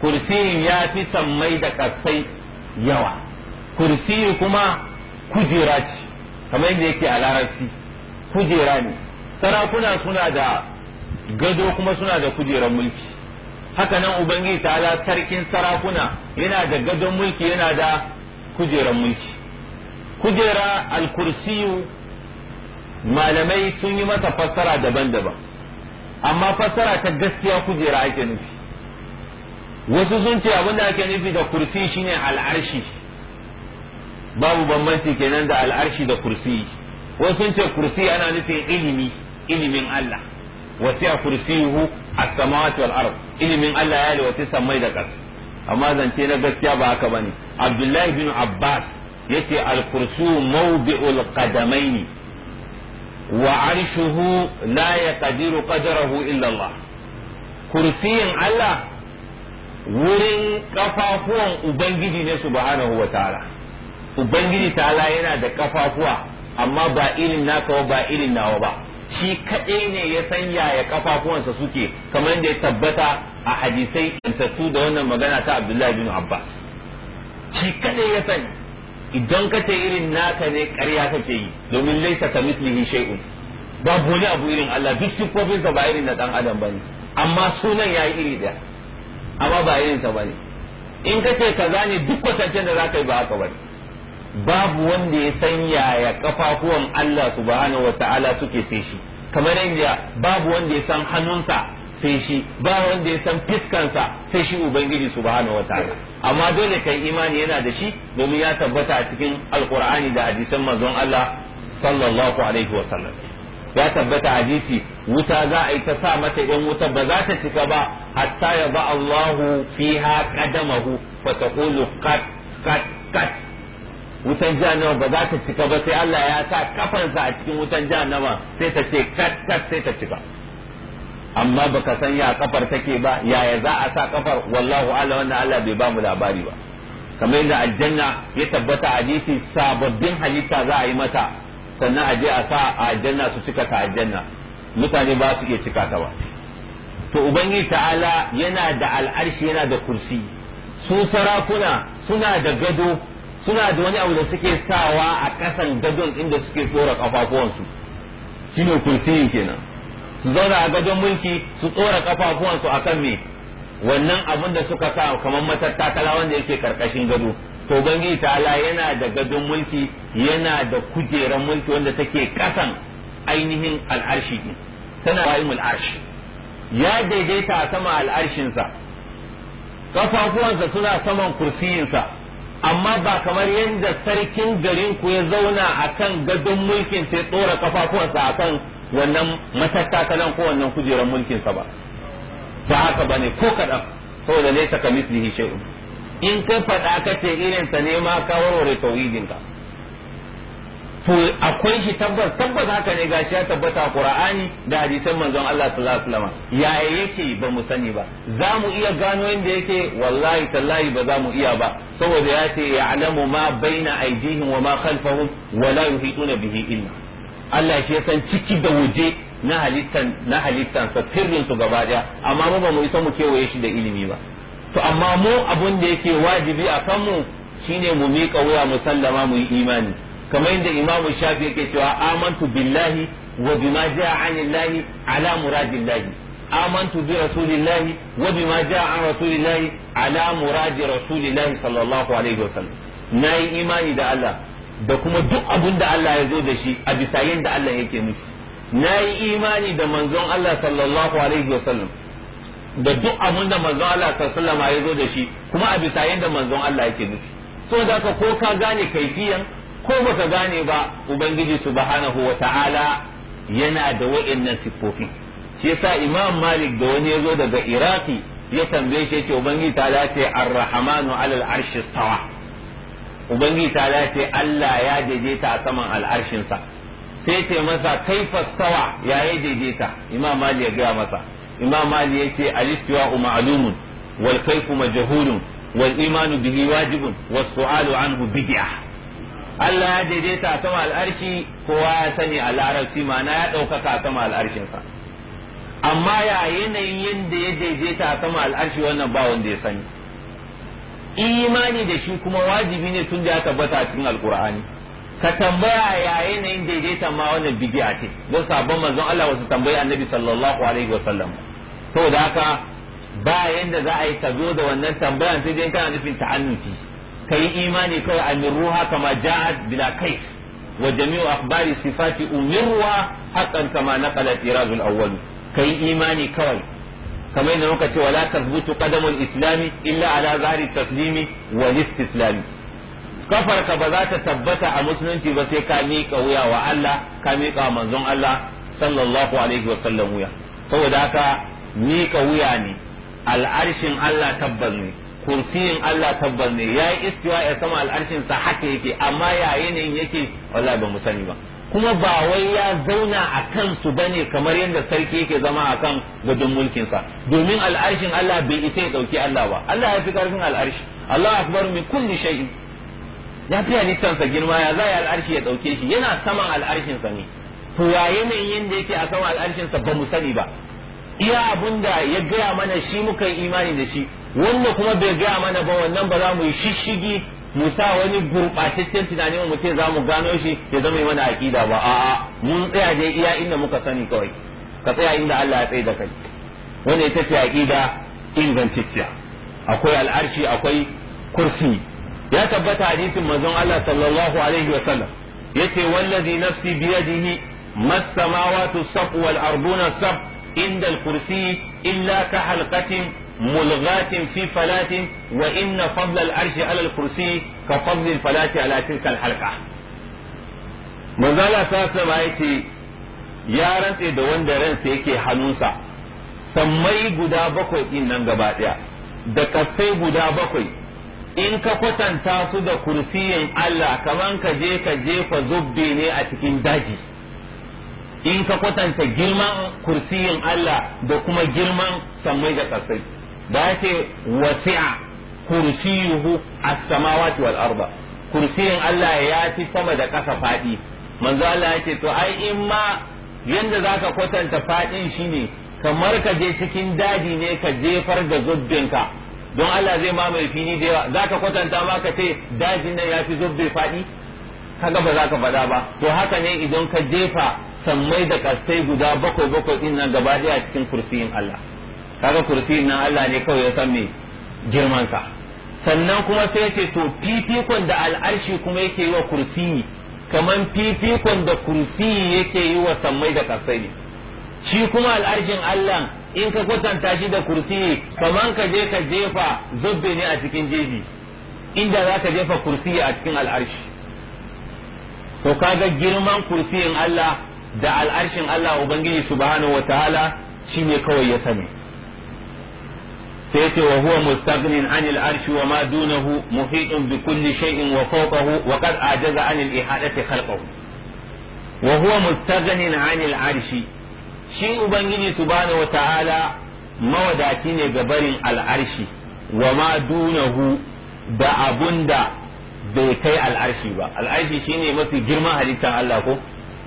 kursiyin ya fi samai da kasai yawa kursi kuma kujera ce kamar yadda yake a larabci kujera ne sarakuna suna da gado kuma suna da kujerar mulki haka nan ubangiji ta'ala sarkin sarakuna yana da gadon mulki yana da kujeran mulki kujera al-kursiyu malamai sun yi masa fassara daban-daban amma fassara ta gaskiya kujera ake nufi wasu sun ce abin da ake nufi da kursi shine al'arshi babu bambanci kenan da al'arshi da kursi wasu sun ce kursi ana nufin ilimi ilimin Allah wasi'a kursiyuhu a samawati wal ard ilimin Allah ya lewati samai da ƙasa amma zance na gaskiya ba haka bane Abdullahi bin Abbas yace al-kursu mawdi'ul qadamaini wa arshuhu la yaqdiru qadrahu illa Allah kursiyin Allah wurin kafafuwan ubangiji ne subhanahu wa ta'ala ubangiji ta'ala yana da kafafuwa amma ba irin naka ba irin nawa ba shi kaɗai ne ya sanya ya kafafuwansa suke kamar da ya tabbata a hadisai intattu da wannan magana ta abdullahi bin abbas shi kaɗai ya sani idan ka ce irin naka ne ƙarya kake yi domin laisa ka mislihi shay'un babu wani abu irin Allah duk sifofinsa ba irin na dan adam bane amma sunan yayi iri daya amma ba irin bane in ka ce kaza ne duk kwatancen da zaka yi ba haka bane babu wanda ya san yaya kafafuwan Allah subhanahu wata'ala suke sai shi kamar yadda babu wanda ya san hannunsa sai shi ba wanda ya san fiskansa sai ubangiji subhanahu wataala amma dole kai imani yana da shi domin ya tabbata a cikin alqur'ani da hadisan manzon Allah sallallahu alaihi wasallam ya tabbata hadisi wuta za a yi ta sa mata idan wuta ba za ta cika ba hatta ya ba Allahu fiha qadamahu fa taqulu qad qad qad wutan jahannama ba za ta cika ba sai Allah ya sa kafarsa a cikin wutan jahannama sai ta ce kat kat sai ta cika amma baka san ya kafar take ba yaya za a sa kafar wallahu ala wannan Allah bai ba mu labari ba kamar yadda aljanna ya tabbata a hadisi sababbin halitta za a yi mata sannan a je a sa a aljanna su cika ta aljanna mutane ba su iya cika ta ba to ubangiji ta'ala yana da al'arshi yana da kursi su sarakuna suna da gado suna da wani abu da suke sawa a kasan gadon inda suke tsora kafafuwansu shine kursiyin kenan su zauna a gadon mulki su tsora kafafuwansu kan me wannan abin da suka sa kamar matattakala wanda yake karkashin gado to bangi Ala yana da gadon mulki yana da kujeran mulki wanda take kasan ainihin al'arshi din tana wa'imul arshi ya daidaita sama al'arshinsa kafafuwansa suna saman kursiyinsa amma ba kamar yadda sarkin garin ku ya zauna a kan gadon mulkin sai tsora kafafuwansa kan wannan matattakalan ko wannan kujerar mulkinsa ba ba haka bane ko kaɗan saboda laysa ka mislihi shay'un in ka faɗa ka ce irin sa ne ma ka warware tauhidinka to akwai shi tabbas tabbas haka ne gashi ya tabbata Qur'ani da hadisan manzon Allah sallallahu alaihi wasallam ya yake ba mu sani ba za mu iya gano inda yake wallahi tallahi ba za mu iya ba saboda ya ce ya'lamu ma baina aydihim wa ma khalfahum wa la yuhituna bihi illa Allah shi ya san ciki da waje na halittan na halittan sa sirrin su gaba daya amma mu ba mu isa mu kewaye shi da ilimi ba to amma mu abun da yake wajibi a kanmu shine mu miƙa wuya mu sallama mu yi imani kamar yadda imamu shafi yake cewa amantu billahi wa bima jaa anillahi ala muradillahi amantu bi rasulillahi wa bima jaa an rasulillahi ala muradi rasulillahi sallallahu alaihi wasallam nayi imani da Allah da kuma duk abin da Allah ya zo da shi a bisa yadda Allah yake nufi nayi imani da manzon Allah sallallahu alaihi sallam da duk abin da manzon Allah sallallahu alaihi sallam ya zo da shi kuma a bisa yadda manzon Allah yake nufi so da ko ka gane kaifiyan ko ba ka gane ba ubangiji subhanahu wa ta'ala yana da wa'annan siffofi shi yasa imam malik da wani ya zo daga iraki ya tambaye shi yace ubangiji ta dace ar alal arshi stawa ubangiji ta dace Allah ya daidaita a saman al'arshin sa sai ce masa kaifa stawa ya yi daidaita imam malik ya gaya masa imam malik yace al-istiwa ma'lumun wal kaifu majhulun wal imanu bihi wajibun was su'alu anhu bid'ah Allah ya daidaita a sama al'arshi kowa ya sani a larabci ma'ana ya ɗaukaka a sama al'arshinsa amma ya yanayin yadda ya daidaita a sama al'arshi wannan ba wanda ya sani imani da shi kuma wajibi ne tun da ya tabbata a cikin alkur'ani ka tambaya ya yanayin daidaita ma wannan bidiya ce don sabon manzon Allah wasu tambayi annabi sallallahu alaihi wa sallam saboda haka ba yanda za a yi ka zo da wannan tambayan sai dai kana nufin ta'annuti ka yi imani kawai a amirruha kama ja'at bila kaif wa jami'u akhbari sifati umirwa haqqan kama naqala tirazul awwal ka yi imani kawai kamar yadda muka ce wala tasbutu qadamul islami illa ala zahiri taslimi wal istislami kafarka ba za ta tabbata a musulunci ba sai ka miƙa wuya wa Allah ka miƙa manzon Allah sallallahu alaihi wa sallam wuya saboda haka miƙa wuya ne al'arshin Allah tabbas ne kursiyin Allah tabbar ne ya yi istiwa ya sama al'arshin sa haka yake amma ya yanayin yake wallahi ba mu sani ba kuma ba wai ya zauna a kansu ba ne kamar yadda sarki yake zama a kan gudun mulkin domin al'arshin Allah bai isa ya dauki Allah ba Allah ya fi karfin al'arshi Allah akbar min kulli shay'in ya fi halittar sa girma ya zai al'arshi ya dauke shi yana saman al'arshin ne to ya yanayin yadda yake a saman al'arshin ba mu sani ba iya abun da ya gaya mana shi muka yi imani da shi wanda kuma bai gaya mana ba wannan ba za mu yi shishigi mu sa wani gurɓataccen tunani mu ce za mu gano shi ya zama mana aƙida ba a'a mun tsaya dai iya inda muka sani kawai ka tsaya inda Allah ya tsaye da kai wannan ita ce aƙida ingantacciya akwai al'arshi akwai kursi ya tabbata hadisin manzon Allah sallallahu alaihi wa sallam yace wallazi nafsi biyadihi mas samawati sab wal arduna sab inda al kursi illa ka halqatin ملغاة في فلاة وإن فضل العرش على الكرسي كفضل الفلاة على تلك الحلقة manzala ta sama yace ya rantse da wanda ransa yake hannunsa sammai guda bakwai din nan gaba da kasai guda bakwai in ka kwatanta su da kursiyin Allah kamar ka je ka jefa zubbe ne a cikin daji in ka kwatanta girman kursiyin Allah da kuma girman sammai da kasai da yake wasi'a kursiyuhu as-samawati wal arda kursiyin Allah ya fi sama da ƙasa faɗi manzo Allah yake to ai in ma yanda zaka kwatanta faɗin shine kamar ka je cikin daji ne ka jefar da zubbinka don Allah zai mamaye fili da yawa zaka kwatanta ma ka ce dajin nan ya fi zubbe faɗi kaga ba za ka faɗa ba to haka ne idan ka jefa sammai da kasai guda bakwai bakwai din nan gaba daya cikin kursiyin Allah kaga kursi nan Allah ne kawai ya san me girman ka sannan kuma sai ce to fifikon da al'arshi kuma yake yi wa kursi kaman fifikon da kursi yake yi wa sammai da kasai ne shi kuma al'arshin Allah in ka kwatanta shi da kursi kaman ka je ka jefa zubbe ne a cikin jeji inda za ka jefa kursi a cikin al'arshi to kaga girman kursiyin Allah da al'arshin Allah Ubangiji subhanahu wataala shi ne kawai ya sani sai ce wa huwa mustaghnin anil arshi wa ma dunahu muhitun bi kulli shay'in wa fawqahu wa qad ajaza anil ihadati khalqahu wa huwa mustaghnin anil arshi shi ubangiji subhanahu wa ta'ala mawadaci ne ga barin al'arshi wa ma dunahu da abunda bai kai al'arshi ba al'arshi shine mafi girma halittar Allah ko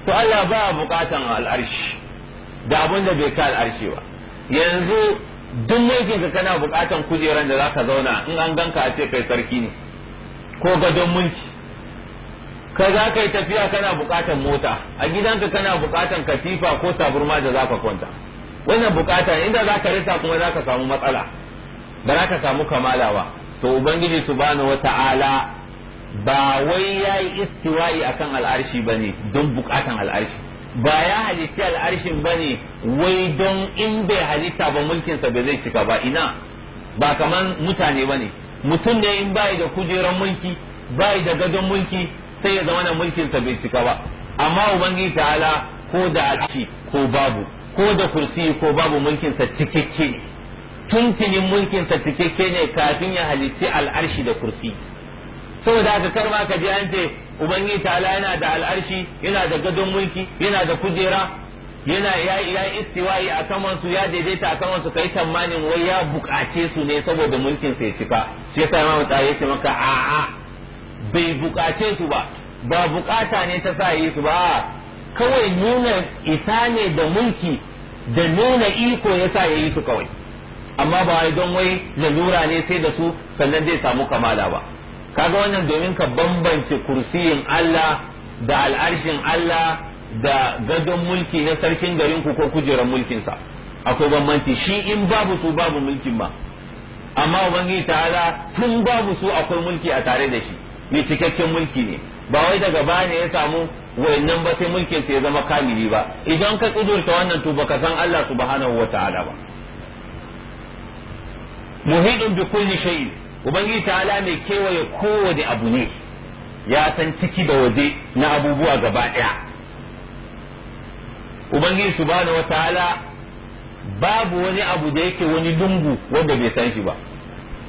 to Allah ba bukatan al'arshi da abunda bai kai al'arshi ba yanzu duk laifin ka kana bukatan kujeran da zaka zauna in an ganka a ce kai sarki ne ko gadon mulki ka za ka yi tafiya kana bukatan mota a gidanka kana bukatan katifa ko taburma da zaka kwanta wannan bukata inda zaka rita kuma zaka samu matsala ba za ka samu kamala ba to ubangiji subhanahu wata'ala ba wai yayi istiwa'i akan al'arshi bane don bukatan al'arshi ba ya halitti al'arshin ba ne wai don in bai halitta ba mulkinsa ba zai cika ba ina ba kaman mutane ba ne mutum ne in bai da kujeran mulki bai da gadon mulki sai ya zama na mulkinsa bai cika ba amma ubangiji ta'ala ko da al'arshi ko babu ko da kursi ko babu mulkinsa cikakke ne tuntunin mulkinsa cikakke ne kafin ya halitti al'arshi da kursi saboda haka kar ma ka je an ce ubangiji ta'ala yana da al'arshi yana da gadon mulki yana da kujera yana ya ya istiwa'i a saman su ya daidaita a saman su kai tamanin wai ya bukace su ne saboda mulkin sai cika shi yasa imamu tsari yake maka a'a bai bukace su ba ba bukata ne ta sa yi su ba kawai nuna isa ne da mulki da nuna iko yasa ya yi su kawai amma ba wai don wai lalura ne sai da su sannan zai samu kamala ba kaga wannan domin ka bambance kursiyin Allah da al'arshin Allah da gadon mulki na sarkin garin ku ko kujerar sa, akwai bambanci shi in babu su babu mulkin ba amma ubangiji ta'ala tun babu su akwai mulki a tare da shi mai cikakken mulki ne ba wai daga baya ne ya samu wayannan ba sai mulkin sa ya zama kamili ba idan ka kudurta wannan to baka san Allah subhanahu wata'ala ba muhidun bi kulli shay'in ubangiji ta ala mai kewaye kowane abu ne ya san ciki da waje na abubuwa gaba ɗaya ubangiji wa ta'ala babu wani abu da yake wani lungu wanda bai san shi ba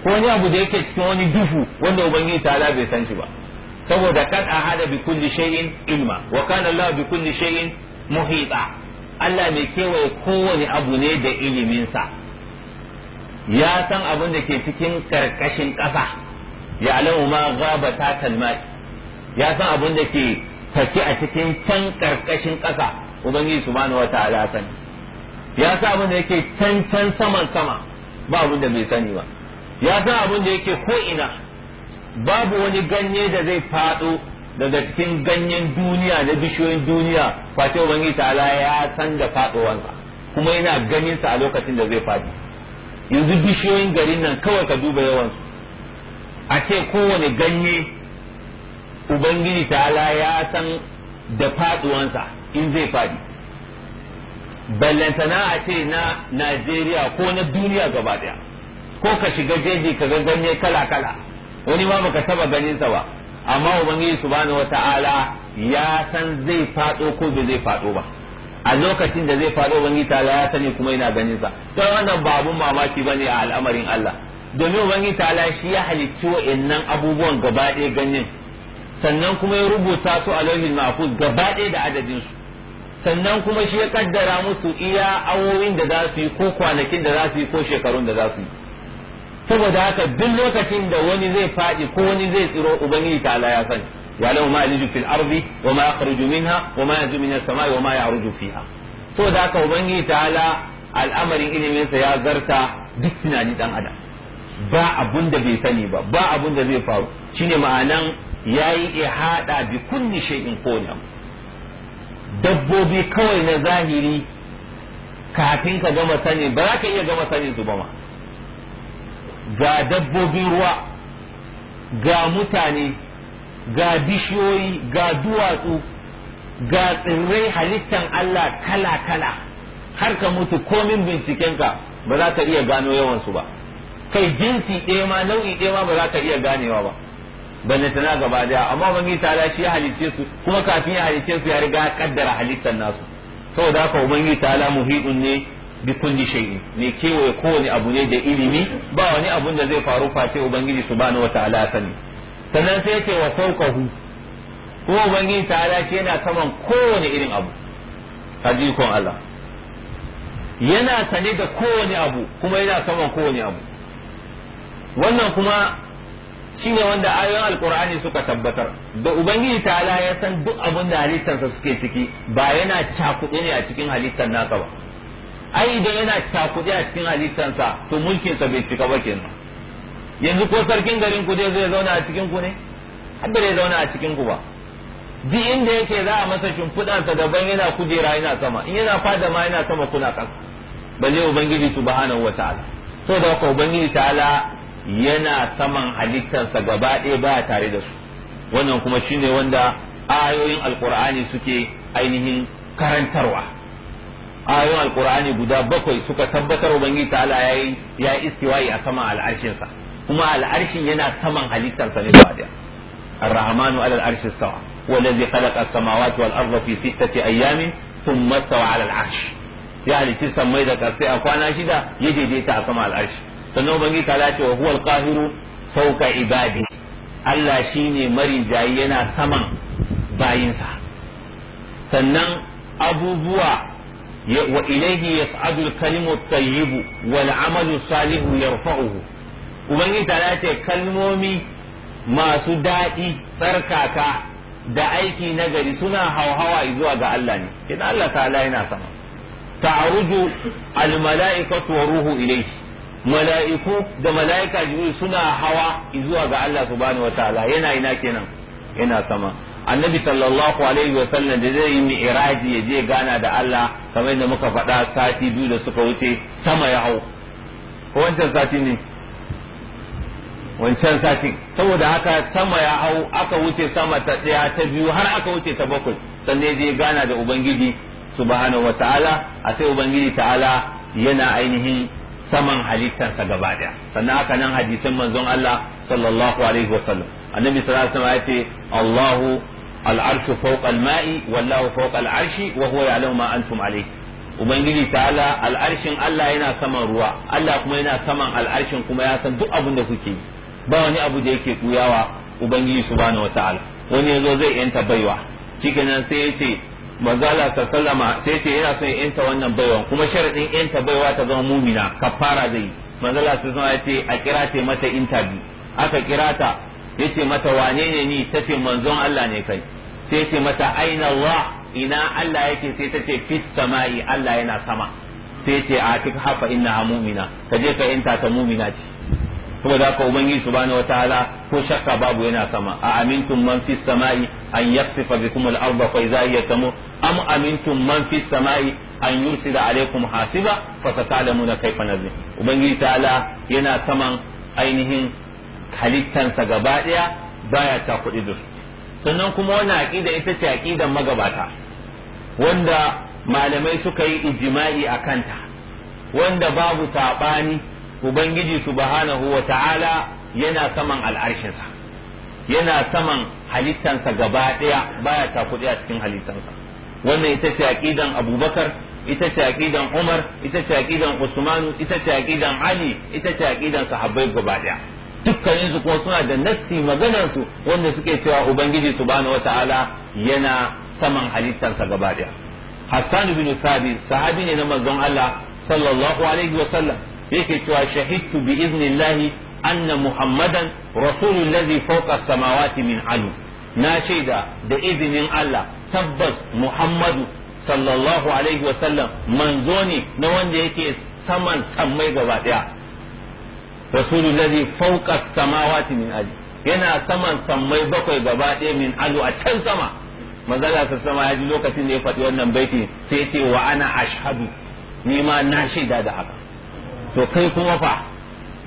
ko wani abu da yake cikin wani duhu wanda ubangiji ta ala bai san shi ba saboda a hada bi kulli shay'in ilma wa kana Allah bi kulli shay'in muhita Allah mai kewaye kowane abu ne da iliminsa ya san abin da ke cikin karkashin ƙasa ya alamu ma gaba ta talmai ya san abin da ke faki a cikin can karkashin ƙasa ubangiji subhanahu wata'ala sani ya san abin da yake can can saman sama ba abin da bai sani ba ya san abin da yake ko ina babu wani ganye da zai faɗo daga cikin ganyen duniya na bishiyoyin duniya face ubangiji ta'ala ya san da faɗowansa kuma yana ganinsa a lokacin da zai faɗi yanzu bishiyoyin garin nan kawai ka duba yawan a ce kowane ganye ubangiji ta'ala ya san da faduwansa in zai fadi ballantana a ce na najeriya ko na duniya gaba daya ko ka shiga jeji ka ga ganye kala kala wani ma baka taba sa ba amma ubangiji subhanahu wata'ala ya san zai fado ko bai zai fado ba a lokacin da zai faɗo ubangiji ta'ala ya sani kuma yana ganin sa to wannan ba abun mamaki bane a al'amarin Allah domin ubangiji tala shi ya halicci wa'annan abubuwan gaba ɗaya ganin sannan kuma ya rubuta su a lauhin mahfuz gaba ɗaya da adadin su sannan kuma shi ya kaddara musu iya awowin da za su yi ko kwanakin da za su yi ko shekarun da za su yi saboda haka duk lokacin da wani zai faɗi ko wani zai tsiro ubangiji ta'ala ya sani walau ma aliju fil ardi wa ma yakhruju minha wa ma yanzu min as-sama'i wa ma ya'ruju fiha so da haka ta ta'ala al'amarin ilimin sa ya zarta duk tunani dan adam ba abunda bai sani ba ba abunda zai faru shine ma'anan yayi ihada bi kulli shay'in qawlan dabbobi kawai na zahiri kafin ka gama sani ba za ka iya gama saninsu su ba ma ga dabbobin ruwa ga mutane ga bishiyoyi ga duwatsu ga tsirrai halittan Allah kala-kala har ka mutu komin bincikenka ba za ka iya gano yawansu ba kai jinsi ɗaya ma nau'i ɗaya ma ba za ka iya ganewa ba balle tana gaba daya amma ubangiji tala shi ya halicce su kuma kafin ya halicce su ya riga ya kaddara halittan nasu saboda haka ubangiji tala muhiqun ne bi kulli shay'i ne kewaye kowane abu ne da ilimi ba wani abun da zai faru face ubangiji subhanahu wataala sani sannan sai ce wa fawqahu kuma ubangiji ala shi yana saman kowane irin abu a jikon Allah yana sane da kowane abu kuma yana saman kowane abu wannan kuma shi ne wanda ayoyin alkur'ani suka tabbatar da ubangiji ala ya san duk abin da halittarsa suke ciki ba yana cakuɗe ne a cikin halittar nasa ba ai idan yana cakuɗe a cikin halittarsa to mulkinsa bai cika ba kenan yanzu ko sarkin garin ku zai zauna a cikin ku ne har da zai zauna a cikin ku ba duk inda yake za a masa shimfiɗansa daban yana kujera yana sama in yana fada ma yana sama kuna kan balle ubangiji subhanahu wataala so da haka ubangiji ta'ala yana saman halittarsa gaba ɗaya ba tare da su wannan kuma shine wanda ayoyin alqur'ani suke ainihin karantarwa ayoyin alqur'ani guda bakwai suka tabbatar ubangiji ta'ala yayi ya istiwai a saman al'arshinsa kuma al'arshin yana saman halittar sa ne ba da ar-rahmanu ala al-arshi sawa wallazi khalaqa as-samawati wal arda fi sittati ayyamin thumma stawa ala al-arsh ya halitti sammai da kasai a kwana shida ya daidaita a sama al'arshi sannan ubangiji ta lace wa huwal qahiru fawqa ibadi Allah shine marijayi yana saman bayinsa sannan abubuwa wa ilaihi yas'adu al-kalimu at-tayyibu wal 'amalu salihu yarfa'uhu ubangiji ta ce kalmomi masu daɗi tsarkaka da aiki na gari suna hauhawa zuwa ga Allah ne idan Allah ta'ala yana sama ta'ruju al wa ruhu ilayhi mala'iku da mala'ika jibril suna hawa zuwa ga Allah subhanahu wataala yana ina kenan yana sama annabi sallallahu alaihi wa sallam da zai yi mi'raji ya je gana da Allah kamar yadda muka faɗa sati biyu da suka wuce sama ya hau ko wancan sati ne wancan satin saboda haka sama ya hau aka wuce sama ta ɗaya ta biyu har aka wuce ta bakwai sannan zai gana da ubangiji subhanahu wa ta'ala a sai ubangiji ta'ala yana ainihin saman halittarsa gaba sannan haka nan hadisin manzon Allah sallallahu alaihi wa sallam annabi sallallahu alaihi wa sallam ya ce Allahu al'arshu fawqa al-ma'i wallahu fawqa al wa huwa ya'lamu ma antum alayhi ubangiji ta'ala al'arshin Allah yana saman ruwa Allah kuma yana saman al'arshin kuma ya san duk abin da kuke yi ba wani abu da yake kuyawa ubangiji subhanahu wataala wani yazo zai yanta baiwa cikinan sai yace mazala ta sallama sai ce yana son yanta wannan baiwa kuma sharadin yanta baiwa ta zama mumina kafara zai mazala ta zama yace a kira ta mata interview aka kira ta yace mata wane ne ni tace manzon Allah ne kai sai ce mata aina Allah ina Allah yake sai tace fis sama'i Allah yana sama sai ce a kika hafa inna mumina kaje ka yanta ta mumina ce kuma saboda haka ubangiji subhanahu ta'ala ko shakka babu yana sama a amintum man fis sama'i an yaksifa bikum al-ardha fa idha hiya tamu am amintum man fis sama'i an yursila alaikum hasiba fa satalamuna kayfa nazir ubangiji ta'ala yana saman ainihin halittansa gaba daya baya ta kudi da sannan kuma wannan aqida ita ce aqidan magabata wanda malamai suka yi ijma'i a kanta wanda babu saɓani ubangiji subhanahu wa ta'ala yana saman al'arshinsa yana saman halittansa gaba ɗaya baya kuɗi a cikin halittansa wannan ita ce aƙidan abubakar ita ce aƙidan umar ita ce aƙidan usman ita ce aƙidan ali ita ce aƙidan sahabbai gaba ɗaya. dukkanin su kuma suna da nassi maganarsu wanda suke cewa ubangiji subhanahu ta’ala yana saman halittansa gaba ɗaya. hassan bin sabi sahabi ne na manzon Allah sallallahu alaihi wa sallam yake cewa shahidtu bi iznillahi anna muhammadan rasulul ladhi fawqa samawati min alu na shaida da izinin Allah tabbas muhammadu sallallahu alaihi wa sallam manzo ne na wanda yake saman sammai gaba daya rasulul ladhi fawqa samawati min alu yana saman sammai bakwai gaba daya min alu a can sama manzala sa sama ya ji lokacin da ya faɗi wannan baiti sai ce wa ana ashhadu ni ma na shaida da haka to kai kuma fa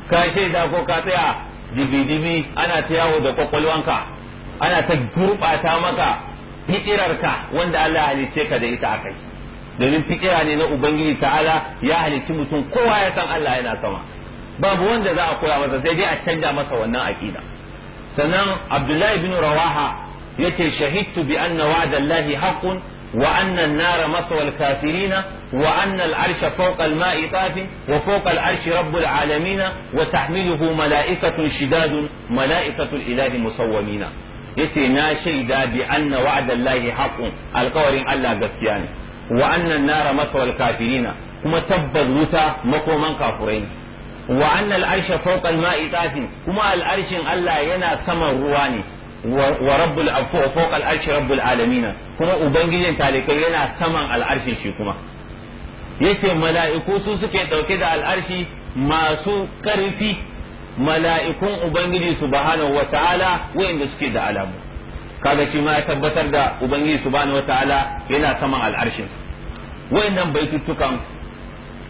ka shaida ko ka tsaya dibi-dibi ana ta yawo da kwakwalwanka ana ta gurɓata maka fikirarka wanda Allah halicce ka da ita a kai domin fikira ne na ubangiji ta'ala ya halicci mutum kowa ya san Allah yana sama babu wanda za a koya masa sai dai a canja masa wannan aqida sannan Abdullahi bin Rawaha yace shahidtu bi anna wa'dallahi haqqun وأن النار مثوى الكافرين وأن العرش فوق الماء طاف وفوق العرش رب العالمين وتحمله ملائكة شداد ملائكة الإله مصومين yace na shaida bi anna wa'dallahi haqqun alqawarin Allah gaskiya ne Wa'annan anna nara maswal kafirina kuma tabbas wuta makoman kafurai Wa'annan anna al-arsha fawqa al-ma'i kuma al Allah yana saman ruwa ne wa rabbul afwa fawqa al rabbul alamin kuma ubangijin talikai yana saman al'arshi shi kuma yace mala'iku su suke dauke da al'arshi masu karfi mala'ikun ubangiji subhanahu wata'ala wa'inda suke da alamu kaga shi ma ya tabbatar da ubangiji subhanahu ala yana saman al'arshin wayannan baitutukan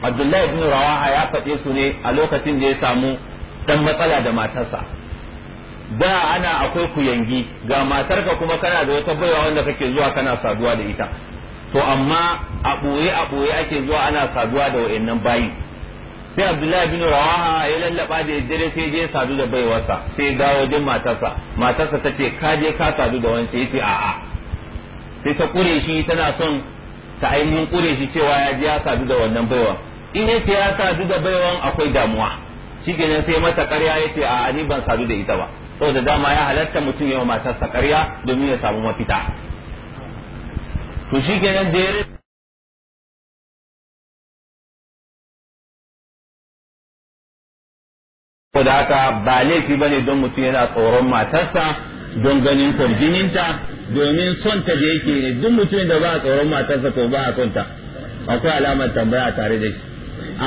Abdullahi ibn Rawaha ya faɗe su ne a lokacin da ya samu dan matsala da matarsa da ana akwai ku yangi ga matarka kuma kana da wata baiwa wanda kake zuwa kana saduwa da ita to amma a ɓoye a ɓoye ake zuwa ana saduwa da wa'annan bayi sai abdullahi bin rawaha ya lallaba da dare sai je sadu da baiwarsa sai ga wajen matarsa matarsa ta ce ka je ka sadu da wani sai ce a'a sai ta kure shi tana son ta ainihin kure shi cewa ya je ya sadu da wannan baiwan in ya ce ya sadu da baiwan akwai damuwa shi sai mata karya ya ce a'a ni ban sadu da ita ba da dama ya halatta mutum yawa matarsa ƙarya domin ya samu mafita to shi kenan da ya haka ba laifi ba ne don mutum yana tsoron matarsa don ganin kwarjininta domin son ta da yake ne duk mutumin da ba a tsoron matarsa ko ba a son akwai alamar tambaya tare da shi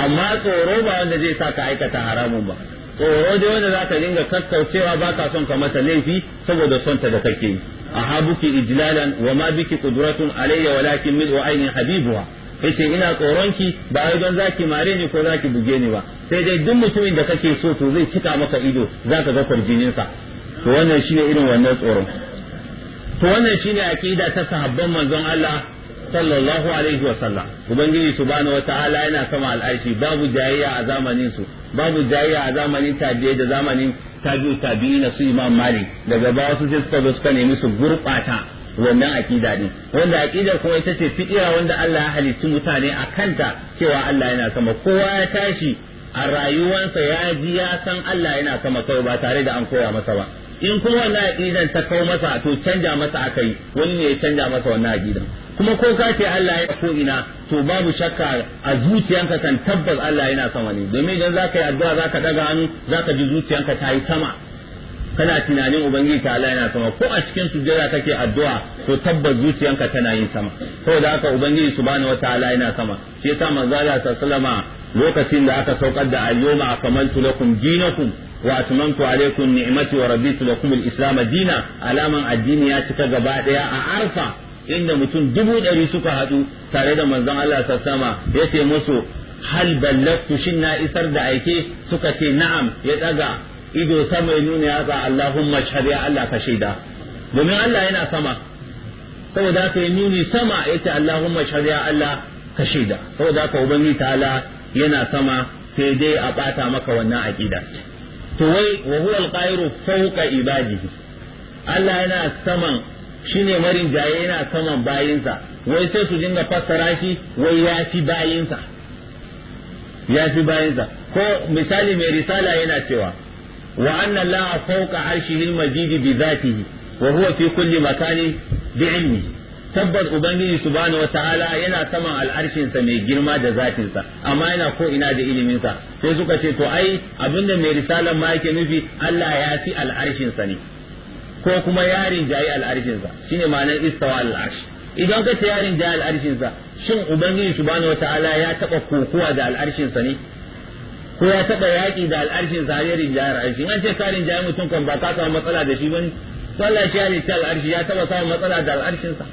amma tsoro ba wanda zai sa ka aikata haramun ba ko wajen wanda za ka dinga kakkaucewa ba ka son ka mata laifi saboda son ta da kake yi a habuki ijlalan wa ma biki kudratun alayya walakin min wa ainin habibuha yace ina tsoronki ba wai don zaki mare ni ko zaki buge ni ba sai dai duk mutumin da kake so to zai cika maka ido zaka ga kurjinin sa to wannan shine irin wannan tsoron to wannan shine aqida ta sahabban manzon Allah sallallahu alaihi wasallam ubangiji subhanahu wataala yana sama al'arshi babu jayayya a zamanin su babu jayayya a zamanin tabi'i da zamanin tabi'u tabi'i na su imam malik daga ba su suka zo suka nemi su gurbata wannan aqida din wanda aqidar kuma ita ce fitira wanda Allah ya halicci mutane a kanta cewa Allah yana sama kowa ya tashi a rayuwansa ya ji ya san Allah yana sama kawai ba tare da an koya masa ba in kuma wannan aqidan ta kawo masa to canja masa akai wani ne ya canja masa wannan aqidan kuma ko ka ce Allah ya ko ina to babu shakka a zuciyanka kan tabbas Allah yana sama ne domin idan zaka yi addu'a zaka daga hannu zaka ji zuciyanka ta yi sama kana tunanin ubangiji ta Allah yana sama ko a cikin sujjada kake addu'a to tabbas zuciyanka tana yin sama saboda haka ubangiji subhanahu wataala yana sama shi yasa manzo Allah sallallahu alaihi wasallama lokacin da aka saukar da ayyuma kamantu lakum dinakum wa atmamtu alaikum ni'mati wa su da kuma islam dina alaman addini ya cika gaba daya a arfa inda mutum dubu ɗari suka haɗu tare da manzon Allah sassama ya ce musu hal ballaktu shin na isar da aike suka ce na'am ya ɗaga ido sama ya nuna ya Allahumma shahada Allah ka shaida domin Allah yana sama saboda haka ya nuni sama ya ce Allahumma shahada ya Allah ka shaida saboda haka ubangiji ta'ala yana sama sai dai a bata maka wannan aqida to wai wa huwa al fawqa ibadihi Allah yana saman shine marin jaye yana saman bayinsa wai sai su dinga fassara shi wai ya fi bayansa. ya ko misali mai risala yana cewa wa anna Allah fawqa arshihi al-majid bi dhatihi wa huwa fi kulli makani bi ilmihi tabbas ubangiji subhanahu wataala yana saman sa mai girma da sa amma yana ko ina da iliminsa sai suka ce to ai abinda mai risalar ma yake nufi Allah ya fi sa ne ko kuma ya rinjayi sa shine ma'anar istawa al'arsh idan ka ce ya rinjayi sa shin ubangiji subhanahu wataala ya taba kokuwa da sa ne ko ya taba yaki da al'arshin sa ya rinjayi al'arshin an ce ka rinjayi mutum kan ba ka samu matsala da shi bane to Allah shi ya rinjayi al'arshi ya taba samu matsala da al'arshinsa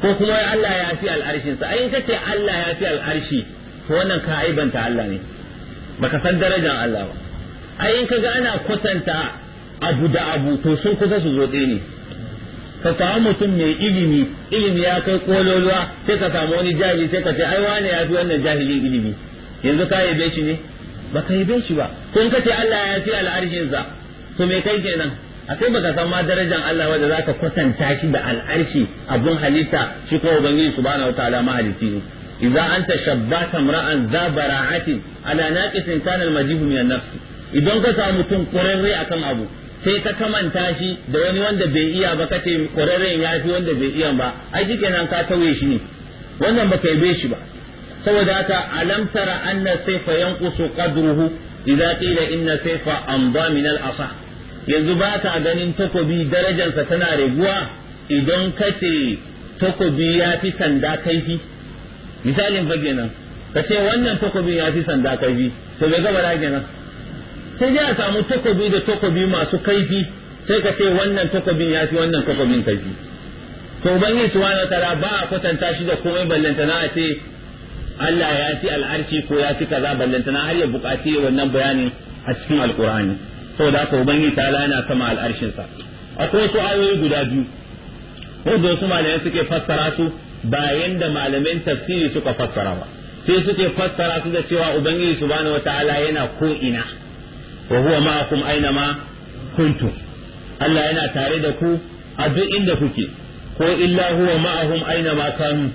ko kuma Allah ya fi al'arshin sa ayin kace Allah ya fi al'arshi to wannan ka aibanta Allah ne baka san darajar Allah ba ayin kaga ana kwatanta abu da abu to sun kusa su zo ne ka samu mutum mai ilimi ilimi ya kai kololuwa sai ka samu wani jahili sai ka ce ai wane ya fi wannan jahilin ilimi yanzu ka bai shi ne ba ka bai shi ba kun kace Allah ya fi al'arshin sa to me kai kenan a sai baka san ma darajar Allah wanda zaka kwatanta shi da al'arshi abun halitta shi ko ubangiji subhanahu ma mahalicci ne idza anta shabbata mar'an za bara'atin ala naqisin kana al-majibu min an-nafs idan ka samu mutum kurarre akan abu sai ka kamanta shi da wani wanda bai iya ba kace kurarren ya fi wanda bai iya ba ai kenan ka tauye shi ne wannan baka kai bai shi ba saboda haka alam tara anna sayfa yanqusu qadruhu idza qila inna sayfa amba min al-asah yanzu ba ka ganin takobi darajarsa tana raguwa idan ka ce takobi ya fi sanda kaifi misalin fa kenan ka ce wannan takobi ya fi sanda kaifi to bai gaba da kenan sai dai a samu takobi da takobi masu kaifi sai ka ce wannan takobin ya fi wannan takobin kaifi to ban ubangiji na tara ba a kwatanta shi da komai ballantana a ce Allah ya fi al'arshi ko ya fi kaza ballantana har ya buƙaci wannan bayanin a cikin alƙur'ani saboda haka ubangiji ta yana sama al'arshin sa akwai wasu ayoyi guda biyu da wasu malamai suke fassara su ba yanda malamin tafsiri suka fassara ba sai suke fassara su da cewa ubangiji subhanahu wataala yana ko ina wa huwa ma'akum aina ma kuntum Allah yana tare da ku a duk inda kuke ko illa huwa ma'ahum aina ma kanu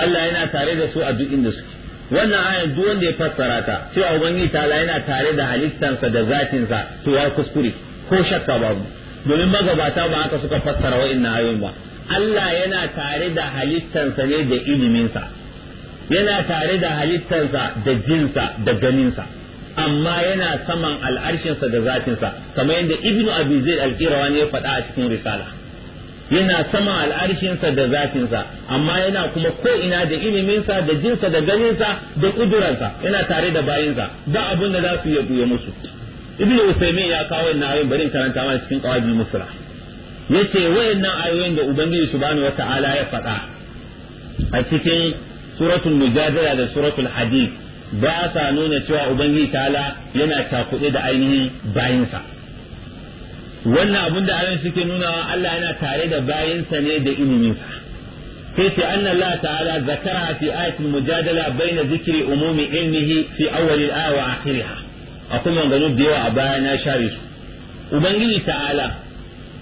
Allah yana tare da su a duk inda suke wannan a'yan duk wanda ya fassara ta cewa ubangiji ta'ala yana tare da halittansa da zatinsa to ya kuskure ko shakka babu domin magabata ba haka suka fassara wa'annan ayoyin ba Allah yana tare da halittansa ne da iliminsa yana tare da halittansa da jinsa da ganinsa amma yana saman al'arshinsa da zatinsa kamar yadda ibnu abi zaid al-qirawani ya faɗa a cikin risala yana sama al'arshinsa da zafinsa amma yana kuma ko ina da iliminsa da jinsa da ganinsa da kuduransa yana tare da bayinsa ba abin da za su iya buya musu ibn usaymin ya kawo wannan ayoyin bari karanta mana cikin qawaid musra yace wayannan ayoyin da ubangiji subhanahu wata'ala ya faɗa a cikin suratul mujadala da suratul hadid ba sa nuna cewa ubangiji ta'ala yana takuɗe da ainihin bayinsa wannan abin da aran suke nunawa Allah yana tare da bayansa ne da iliminsa sai ce Allah ta'ala zakara fi ayatul mujadala baina zikri umumi ilmihi fi awwalil aya wa akhiriha akwai maganganu da yawa a baya na share su ubangiji ta'ala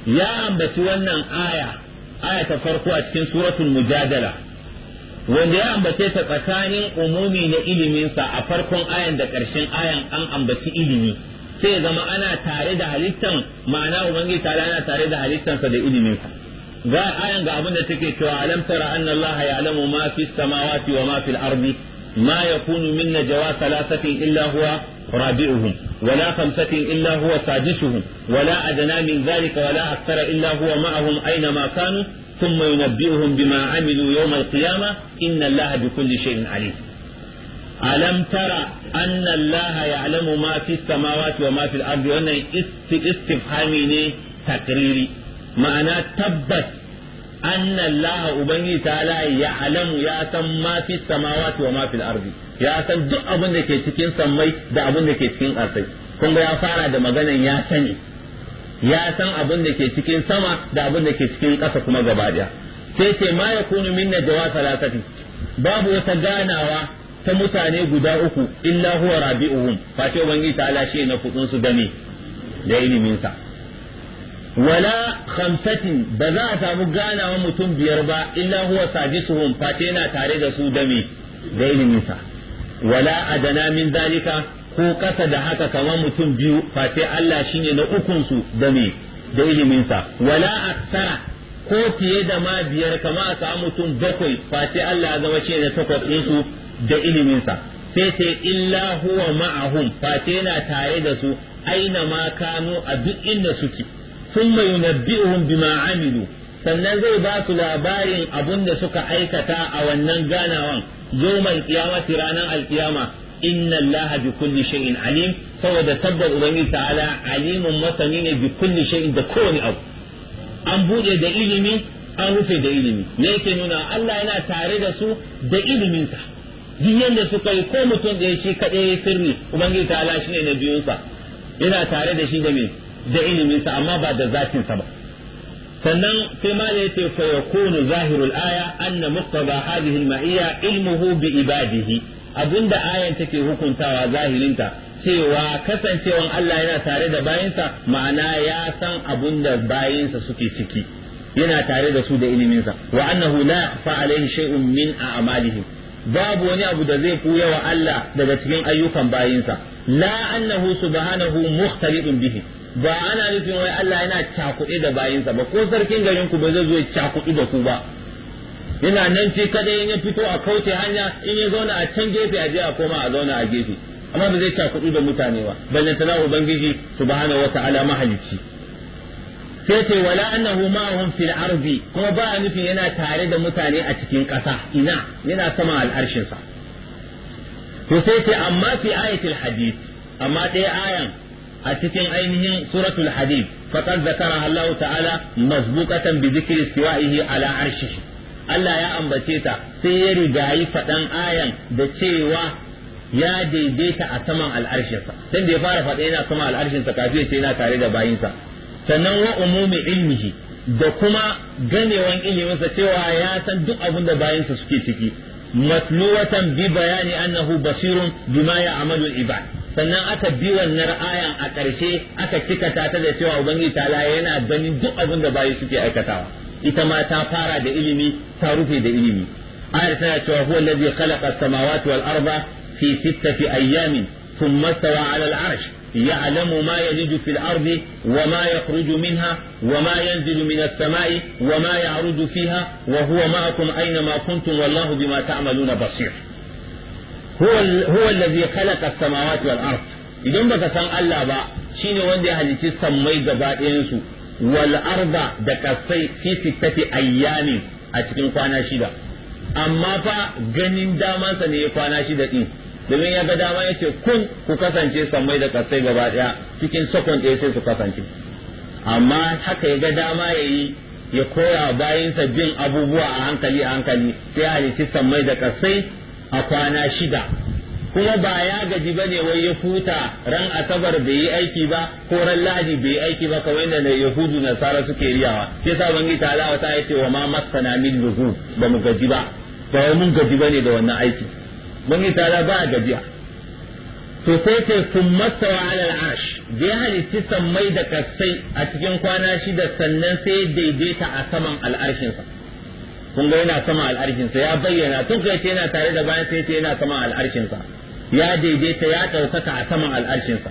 ya ambaci wannan aya aya ta farko a cikin suratul mujadala wanda ya ambace ta tsakanin umumi na iliminsa a farkon ayan da ƙarshen ayan an ambaci ilimi sai zama ana tare da halittan ma'ana ubangiji ta ana tare da halittansa da ilimi sa ga ayan ga abin da take cewa alam tara anna allah ya'lamu ma fi samawati wa ma fi al-ardi ma yakunu min najwa thalathatin illa huwa rabi'uhum wa la khamsatin illa huwa sadisuhum wa la adna min dhalika wa la akthara illa huwa ma'ahum ayna ma kanu thumma yunabbi'uhum bima amilu yawm al-qiyamah inna allaha bi kulli shay'in alim alam tara anna Allah ya'lamu ma fi samawati wa ma fil ardi wannan istifhami ne takriri ma'ana tabbas anna Allah ubangi ta'ala ya'lamu ya san ma fi samawati wa ma fil ardi ya san duk abin da ke cikin sammai da abin da ke cikin ƙasai kun ga ya fara da maganan ya sani ya san abin da ke cikin sama da abin da ke cikin ƙasa kuma gaba daya sai ce ma yakunu minna jawa salasati babu wata ganawa ta mutane guda uku illa huwa rabi'uhum fa ce ubangiji ta'ala shi na kudin su game da ilimin sa wala khamsatin ba za a samu ganawa mutum biyar ba illa huwa sadisuhum fa ce yana tare da su game da ilimin sa wala adana min zalika ko kasa da haka kamar mutum biyu fa ce Allah shine na ukun su game da ilimin sa wala aksara ko fiye da ma biyar kama a samu mutum bakwai fa ce Allah zama shi na takwas ɗinsu da iliminsa sai sai illa huwa ma'ahum fate yana tare da su aina ma kanu a duk inda suke summa yunabbi'uhum bima amilu sannan zai ba su labarin abun da suka aikata a wannan ganawan yawmal qiyamati ranar alkiyama inna allaha bi kulli shay'in alim saboda tabbas ubangiji ta'ala alimun masani ne bi kulli shay'in da kowane abu an bude da ilimi an rufe da ilimi me yake nuna Allah yana tare da su da iliminsa duk da suka yi ko mutum ɗaya shi kaɗai ya sirri ubangiji ta ala shi ne na biyunsa yana tare da shi da me da iliminsa amma ba da zatinsa ba sannan sai ma da ce fa yakunu zahirul aya anna muqtaba hadhihi al-ma'iyya ilmuhu bi ibadihi abinda ayan take hukuntawa zahirinta cewa kasancewan Allah yana tare da bayinsa ma'ana ya san abinda bayinsa suke ciki yana tare da su da iliminsa wa annahu la fa alaihi shay'un min a'malihim babu wani abu da zai kuya wa Allah daga cikin ayyukan bayinsa la annahu subhanahu mukhtalidun bihi ba ana nufin wai Allah yana cakuɗe da bayinsa ba ko sarkin garin ku ba zai zo cakuɗe da ku ba yana nan ce kada in ya fito a kauce hanya in ya zauna a can gefe a je a koma a zauna a gefe amma ba zai cakuɗe da mutane ba tana ubangiji subhanahu wa ta'ala mahalicci sai ce wala annahu ma'ahum fil ardi kuma ba nufin yana tare da mutane a cikin ƙasa ina yana sama al'arshin sa to sai ce amma fi ayatul hadith amma ɗaya ayan a cikin ainihin suratul hadith faqad zakara Allah ta'ala mazbuqatan bi dhikri istiwa'ihi ala arshihi Allah ya ambace ta sai ya rigayi faɗan ayan da cewa ya daidaita a saman al'arshinsa sai da ya fara faɗa yana saman al'arshinsa kafin sai yana tare da bayinsa sannan wa umumi ilmihi da kuma ganewan iliminsa cewa ya san duk abin da bayansa suke ciki matluwatan bi bayani annahu basirun bima ya'malu ibad sannan aka bi wannan ayan a ƙarshe aka cika ta da cewa ubangiji ta'ala yana ganin duk abin da bayi suke aikatawa ita ma ta fara da ilimi ta rufe da ilimi ayar tana cewa huwa allazi khalaqa as-samawati wal arda fi sittati ayyamin thumma stawa 'ala al-'arsh يعلم ما يلج في الأرض وما يخرج منها وما ينزل من السماء وما يعرج فيها وهو معكم أينما كنتم والله بما تعملون بصير هو, هو الذي خلق السماوات والأرض idan baka san Allah ba shine wanda ya halicci sammai gabaɗayansu. ɗayansu wal arda da kasai fi sittati ayyamin a cikin kwana shida amma fa ganin damansa ne ya kwana shida din domin ya ga dama ya ce kun ku kasance sammai da kasai gaba daya cikin sakon ɗaya sai su kasance amma haka ya ga dama ya yi ya koya bayansa bin abubuwa a hankali a hankali sai ya halitti sammai da kasai a kwana shida kuma ba ya gaji ba ne wai ya huta ran asabar bai yi aiki ba ko ran lahadi bai yi aiki ba kamar yadda na yahudu na sara suke riyawa sai sa bangi ta alawa ta ya ce wa ma masana min lugu ba mu gaji ba ba mun gaji ba ne da wannan aiki mun yi tara ba a gajiya to sai ce sun masawa alal arsh da ya halitti da kasai a cikin kwana shida sannan sai daidaita a saman al'arshinsa kun yana sama al'arshinsa ya bayyana tun kai ce tare da bayan sai ce yana ya daidaita ya ɗaukaka a saman al'arshinsa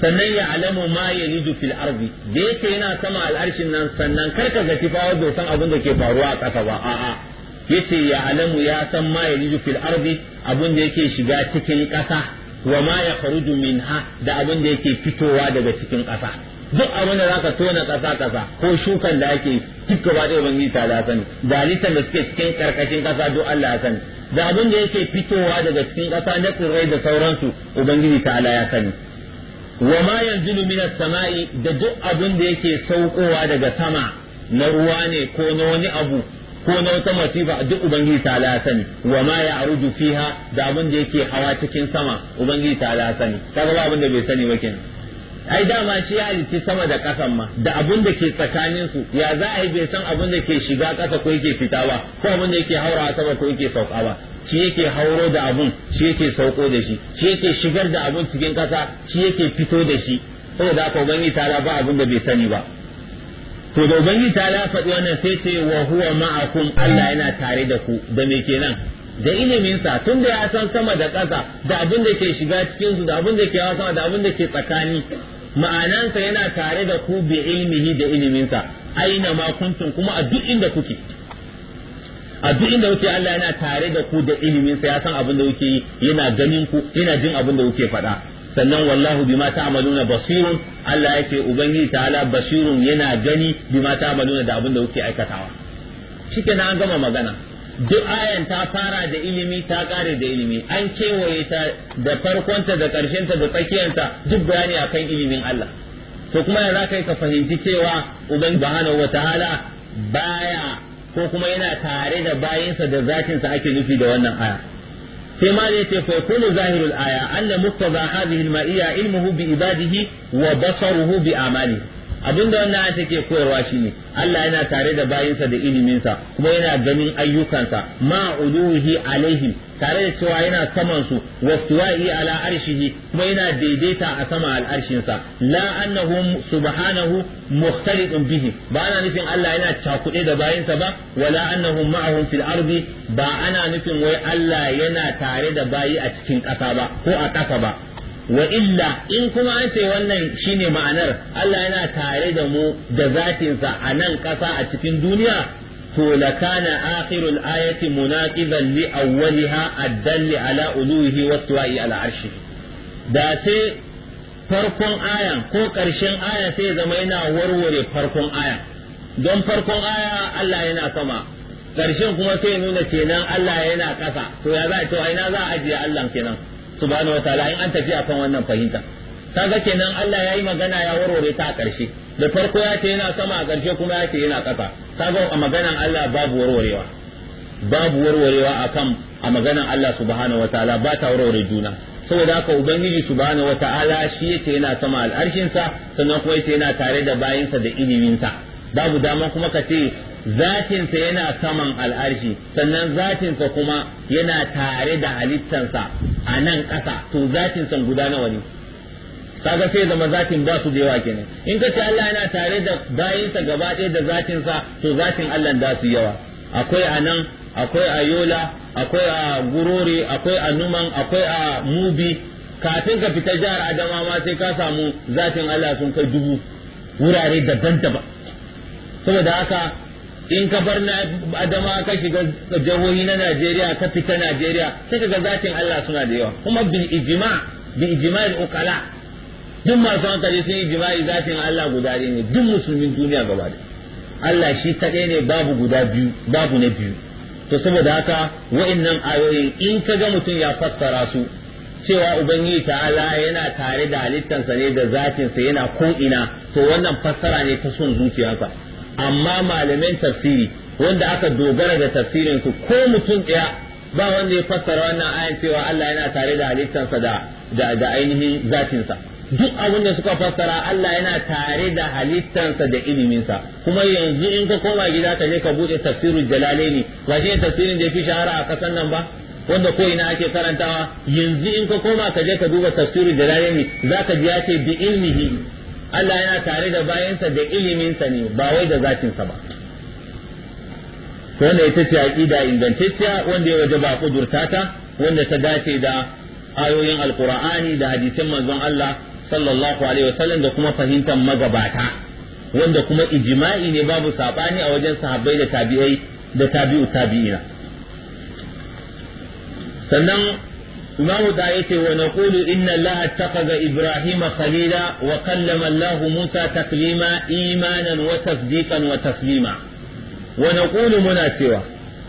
sannan ya alamu ma ya lidu fil arzi. da yake yana sama al'arshin nan sannan karka ga tifawa bai san abin da ke faruwa a ƙasa ba a'a yace ya alamu ya san ma yalidu fil ardi abun da yake shiga cikin ƙasa wa ma ya kharuju minha da abun da yake fitowa daga cikin ƙasa duk abin da zaka tona ƙasa ƙasa ko shukan da ake duk ba da ubangiji ta da sani dalitan da suke cikin karkashin ƙasa duk Allah ya sani da abin da yake fitowa daga cikin ƙasa na tsirrai da sauransu ubangiji ta Allah ya sani wa ma yanzilu minas sama'i da duk abin da yake saukowa daga sama na ruwa ne ko na wani abu ko na wata masifa duk ubangiji ta la sani wa ma arudu fiha da abin da yake hawa cikin sama ubangiji ta la sani kaga ba abin da bai sani ba kenan ai dama shi ya halitti sama da kasan ma da abin da ke tsakanin su ya za a yi bai san abin da ke shiga kasa ko yake fita ba ko abin da yake haura sama ko yake sauka ba shi yake hauro da abun shi yake sauko da shi shi yake shigar da abun cikin kasa shi yake fito da shi saboda haka ubangiji ta ba abin da bai sani ba to da ubangiji ta la faɗi wannan sai ce wa huwa ma'akum Allah yana tare da ku da me kenan da iliminsa tun da ya san sama da ƙasa da abin da ke shiga cikinsu da abin da ke hawa sama da abin da ke tsakani ma'anansa yana tare da ku bi ilmihi da iliminsa aina ma kuntum kuma a duk inda kuke a duk inda kuke Allah yana tare da ku da iliminsa ya san abin da kuke yi yana ganin ku yana jin abin da kuke faɗa sannan wallahu bima ta'maluna basirun Allah yake ubangiji ta'ala basirun yana gani bima ta'maluna da abin da kuke aikatawa shike na an gama magana duk ayan ta fara da ilimi ta kare da ilimi an kewaye ta da farkonta da karshenta da tsakiyanta duk bayani akan ilimin Allah to kuma ya za ka yi ka fahimci cewa uban subhanahu wataala baya ko kuma yana tare da bayinsa da zatinsa ake nufi da wannan aya sai ma ya ce fa yakunu zahirul aya anna muqtada hadhihi al-ma'iyya ilmuhu bi ibadihi wa basaruhu bi amalihi abinda wannan ayat take koyarwa shi ne, Allah yana tare da bayinsa da iliminsa kuma yana ganin ayyukansa ma uluhi alaihim tare da cewa yana saman su wasuwai ala arshihi kuma yana daidaita a sama al'arshinsa la annahu subhanahu mukhtalidun bihi ba ana nufin Allah yana cakuɗe da bayinsa ba wala annahum ma'ahum fil ardi ba ana nufin wai Allah yana tare da bayi a cikin ƙasa ba ko a ƙasa ba wa illa in kuma an ce wannan shine ma'anar Allah yana tare da mu da zatinsa a nan ƙasa a cikin duniya to lakana akhirul ayati munaqiban li awwaliha addalli ala uluhi wa tuwa'i ala arshi da sai farkon ayan ko ƙarshen aya sai zama yana warware farkon aya don farkon aya Allah yana sama ƙarshen kuma sai nuna kenan Allah yana ƙasa to ya za a to ina za a ajiye Allah kenan subhanahu wataala in an tafi akan wannan fahimta kaga kenan Allah yayi magana ya warware ta a ƙarshe da farko ya ce yana sama a ƙarshe kuma ya ce yana ƙasa kaga a maganan Allah babu warwarewa babu warwarewa akan a maganan Allah subhanahu wataala ba ta warware juna saboda haka ubangiji subhanahu wataala shi yake yana sama al'arshinsa sannan kuma yake yana tare da bayinsa da iliminsa babu dama kuma ka ce zatinsa yana saman al'arshi sannan zatinsa kuma yana tare da halittansa a nan ƙasa to zatinsa guda nawa ne kaga sai zama zatin ba su da yawa kenan in ka ce Allah yana tare da bayinsa gaba ɗaya da zatinsa to zatin Allah da su yawa akwai a nan akwai a yola akwai a gurore akwai a numan akwai a mubi kafin ka fita jihar Adamawa sai ka samu zatin Allah sun kai dubu wurare daban-daban saboda haka in ka bar na adama ka shiga jahohi na Najeriya ka fita Najeriya sai ka ga zatin Allah suna da yawa kuma bil ijma bi ukala duk masu hankali sun yi jima'i zatin Allah guda ne duk musulmin duniya gaba da Allah shi kaɗai ne babu guda biyu babu na biyu to saboda haka wa'annan ayoyin in ka ga mutum ya fassara su cewa ubangiji ta'ala yana tare da halittansa ne da zatinsa yana ko'ina, to wannan fassara ne ta son zuciyarsa amma malamin tafsiri wanda aka dogara da tafsirin su ko mutum ɗaya ba wanda ya fassara wannan ayan cewa Allah yana tare da halittansa da da ainihin zatinsa duk abin da suka fassara Allah yana tare da halittansa da iliminsa kuma yanzu in ka koma gida ka je ka bude tafsirul jalalaini ba shi tafsirin da yafi shahara a kasan nan ba wanda ko ina ake karantawa yanzu in ka koma ka je ka duba tafsirul jalalaini zaka ji ya ce bi ilmihi Allah yana tare da bayansa da iliminsa ne ba wai da zatinsa ba wanda ita ce aqida ingantacciya wanda ya waje ba kudurta ta wanda ta dace da ayoyin alqur'ani da hadisin manzon Allah sallallahu alaihi wasallam da kuma fahimtar magabata wanda kuma ijma'i ne babu sabani a wajen sahabbai da tabi'ai da tabi'u tabi'ina sannan imamu da yace ce naqulu inna allaha ittakhadha ibrahima khalila wa kallama allahu musa taklima imanan wa tasdiqan wa taslima wa muna cewa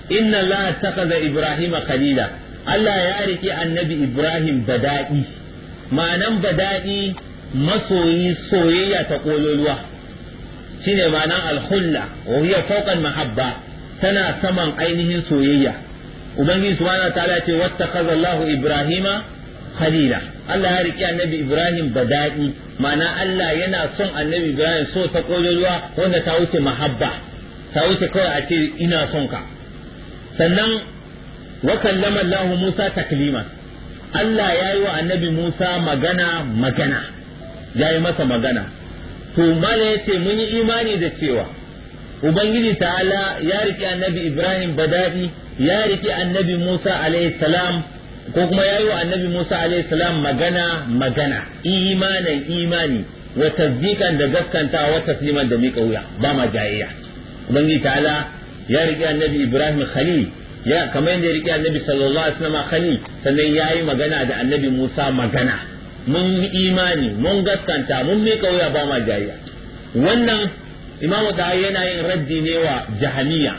inna allaha ittakhadha ibrahima khalila Allah ya rike annabi Ibrahim bada'i ma'anan Badaɗi masoyi soyayya ta ƙololuwa, shine ma'anan alhulla wa mahabba tana saman ainihin soyayya ubangiji subhanahu wataala ce wattakhadha Allahu Ibrahima khalila Allah ya riki annabi Ibrahim badadi ma'ana Allah yana son annabi Ibrahim so ta kololuwa wanda ta wuce mahabba ta wuce kawai a ce ina son ka sannan wa kallama Allah Musa taklima Allah ya yi wa annabi Musa magana magana ya yi masa magana to mala ya ce mun yi imani da cewa ubangiji ta'ala ya riki annabi ibrahim badadi ya riki annabi musa alayhi salam ko kuma ya yi wa annabi musa alayhi salam magana magana imanin imani wa tasdiqan da gaskanta wa tasliman da miƙa wuya ba ma jayayya ubangiji ta'ala ya riki annabi ibrahim khalil ya kamar yadda ya riki annabi sallallahu alaihi wasallam khalil sannan ya yi magana da annabi musa magana mun imani mun gaskanta mun miƙa wuya ba ma jayayya wannan imamu da yana yin raddi ne wa jahamiya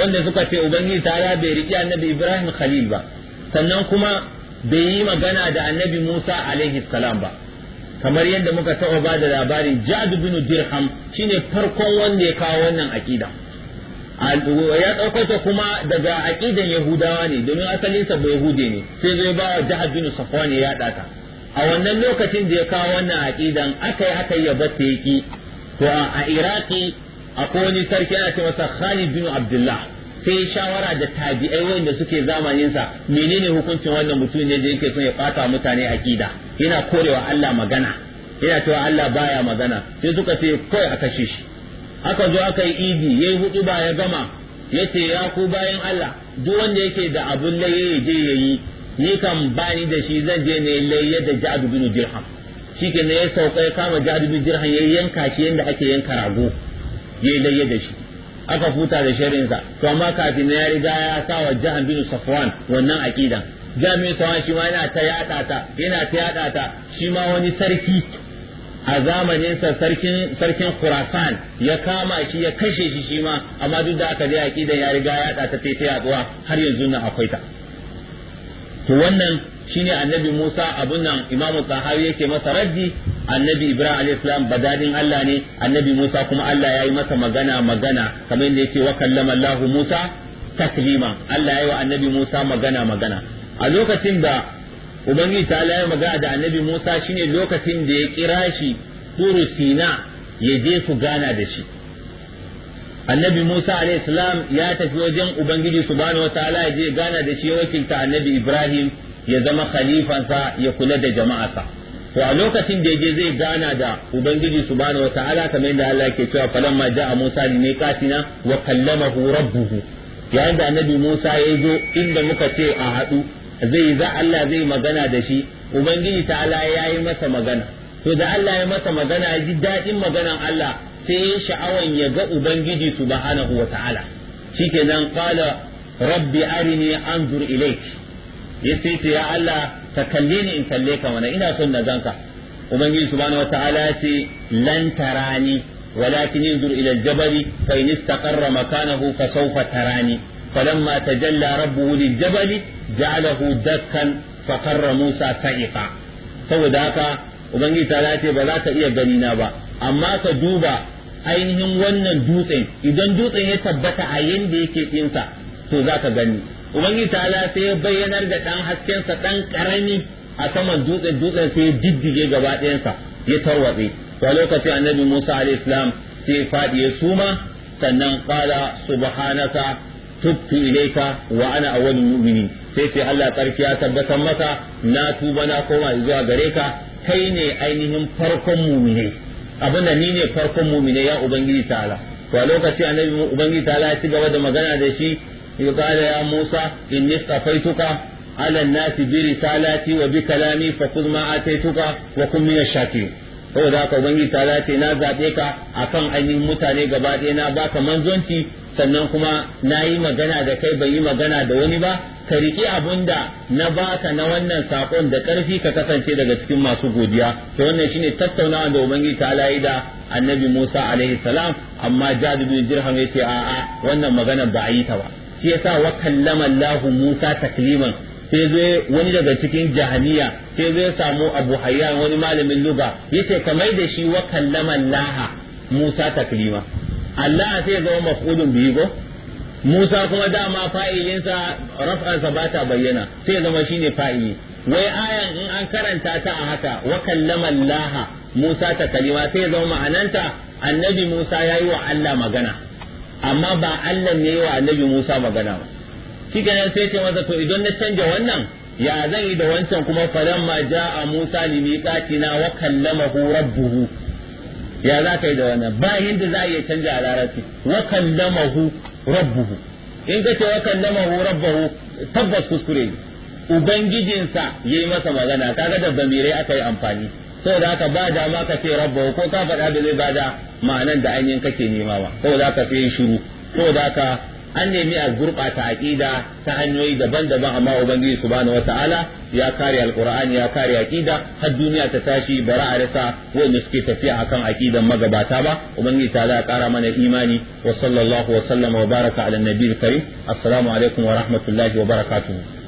wanda suka ce ubangiji ta bai riƙe annabi ibrahim khalil ba sannan kuma bai yi magana da annabi musa alaihi salam ba kamar yadda muka taɓa ba da labarin jadu bin dirham shine farkon wanda ya kawo wannan aƙida ya ɗaukata kuma daga aƙidan yahudawa ne domin asalinsa ba yahude ne sai zai ba wa jihar bin safwani ya ɗata a wannan lokacin da ya kawo wannan aƙidan aka yi aka yi ya bata yaki to a iraki akwai wani sarki yana cewa sa Khalid bin Abdullah sai shawara da tabi'ai wanda suke zamaninsa, menene hukuncin wannan mutum ne da yake son ya fata mutane akida yana korewa Allah magana yana cewa Allah baya magana sai suka ce kai a kashe shi aka zo aka yi idi yayi hudu ba ya gama yace ya ku bayan Allah duk wanda yake da abun laye je yayi ni kan bani da shi zan je ne laye da Ja'd bin Dirham shi ke ya sauka ya kama jadubi jirhan ya yanka shi yadda ake yanka rago ya layya da shi aka huta da sharinsa to amma kafin ya riga ya sa wa jahan bin safwan wannan aqidan jami'in safwan shi ma yana ta yada ta yana ta yada ta shi ma wani sarki a zamaninsa sarkin sarkin Khurasan ya kama shi ya kashe shi shi ma amma duk da aka dai aqidan ya riga ya yada ta sai ta yaduwa har yanzu na akwai ta to wannan shine annabi Musa abun nan Imam Al-sahawi yake masa raddi annabi Ibrahim alayhi salam badadin Allah ne annabi Musa kuma Allah ya yi masa magana magana kamar yadda yake wa kallama Allah Musa taklima Allah ya yi wa annabi Musa magana magana a lokacin da Ubangiji ta ya magana da annabi Musa shine lokacin da ya kira shi Turu Sina ya je su gana da shi annabi Musa alayhi salam ya tafi wajen Ubangiji subhanahu ala ya je gana da shi ya wakilta annabi Ibrahim ya zama khalifansa ya kula da jama'arsa to a lokacin da yaje zai gana da ubangiji subhanahu wataala kamar yadda Allah yake cewa falamma ja'a Musa li miqatina wa kallamahu rabbuhu yayin da annabi Musa ya zo inda muka ce a haɗu zai za Allah zai magana da shi ubangiji ta'ala ya yi masa magana to da Allah ya masa magana ya ji daɗin maganan Allah sai ya sha'awan ya ga ubangiji subhanahu wataala shikenan qala rabbi arini anzur ilayk ya ce ya Allah ta kalli ni in kalle ka mana ina son na ganka ubangiji subhanahu wataala ya ce lan tarani walakin yanzur ila aljabali fa in istaqarra makanahu fa sawfa tarani فلما تجلى ربه للجبل جعله دكا فقر موسى سعيقا saboda haka ubangiji ta ce ba za ka iya gani na ba amma ka duba ainihin wannan dutsen idan dutsen ya tabbata a yanda yake dinsa to za ka gani ubangiji ala sai ya bayyanar da ɗan haskensa ɗan karami a saman dutsen dutsen sai ya diddige gaba ɗayansa ya tarwatse to lokacin annabi Musa alayhi salam sai ya faɗi ya suma sannan kala subhanaka tubtu ilayka wa ana awwalul mu'minin sai ce Allah tsarki tabbatar maka na tuba na koma zuwa gare ka kai ne ainihin farkon mumine abin da ni ne farkon mumine ya ubangiji ta'ala to a lokaci annabi ubangiji ta'ala ya ci gaba da magana da shi إذ قال يا موسى إني اصطفيتك على الناس برسالاتي وبكلامي فخذ ما آتيتك وكن من الشاكرين هو da ka ubangi ta ce na zaɓe ka kan ainihin mutane gaba ɗaya na baka manzonci sannan kuma na yi magana da kai bai yi magana da wani ba ka riƙe abun da na baka na wannan saƙon da ƙarfi ka kasance daga cikin masu godiya to wannan shine tattaunawa da ubangiji ta alayi da annabi musa alaihi salam amma jadu bin jirham ya ce a'a wannan maganar ba a yi ta ba shi yasa wa kallama Allah Musa takliman sai zai wani daga cikin jahaniya sai zai samu Abu Hayyan wani malamin luga yace kamar da shi wa kallama Allah Musa taklima Allah sai zama maf'ulun bihi go Musa kuma dama fa'ilinsa raf'ansa ba ta bayyana sai zama shine fa'ili wai ayan in an karanta ta a haka wa kallama Allah Musa taklima sai zama ma'ananta annabi Musa yayi wa Allah magana amma ba Allah ne wa annabi Musa magana ba shi kenan sai ce masa to idan na canja wannan ya zan yi da wancan kuma ja a Musa li miqatina wa kallamahu rabbuhu ya za ka yi da wannan ba yadda za a iya canja a larabci wa kallamahu rabbuhu in ka ce wa kallamahu rabbuhu tabbas kuskure ubangijinsa yayi masa magana kaga da bamirai aka yi amfani da ka ba dama ka ce rabbahu ko ka faɗa da zai bada ma'anan da ainihin kake nema ba saboda fi yin shiru da ka an nemi a gurɓata aƙida ta hanyoyi daban-daban amma ubangiji subhanahu wata'ala ya kare alqur'ani ya kare aƙida har duniya ta tashi bara a rasa wanda suke tafiya akan aƙidan magabata ba ubangiji ta za kara mana imani wa sallallahu wa sallama wa baraka ala karim assalamu alaikum wa rahmatullahi wa barakatuhu.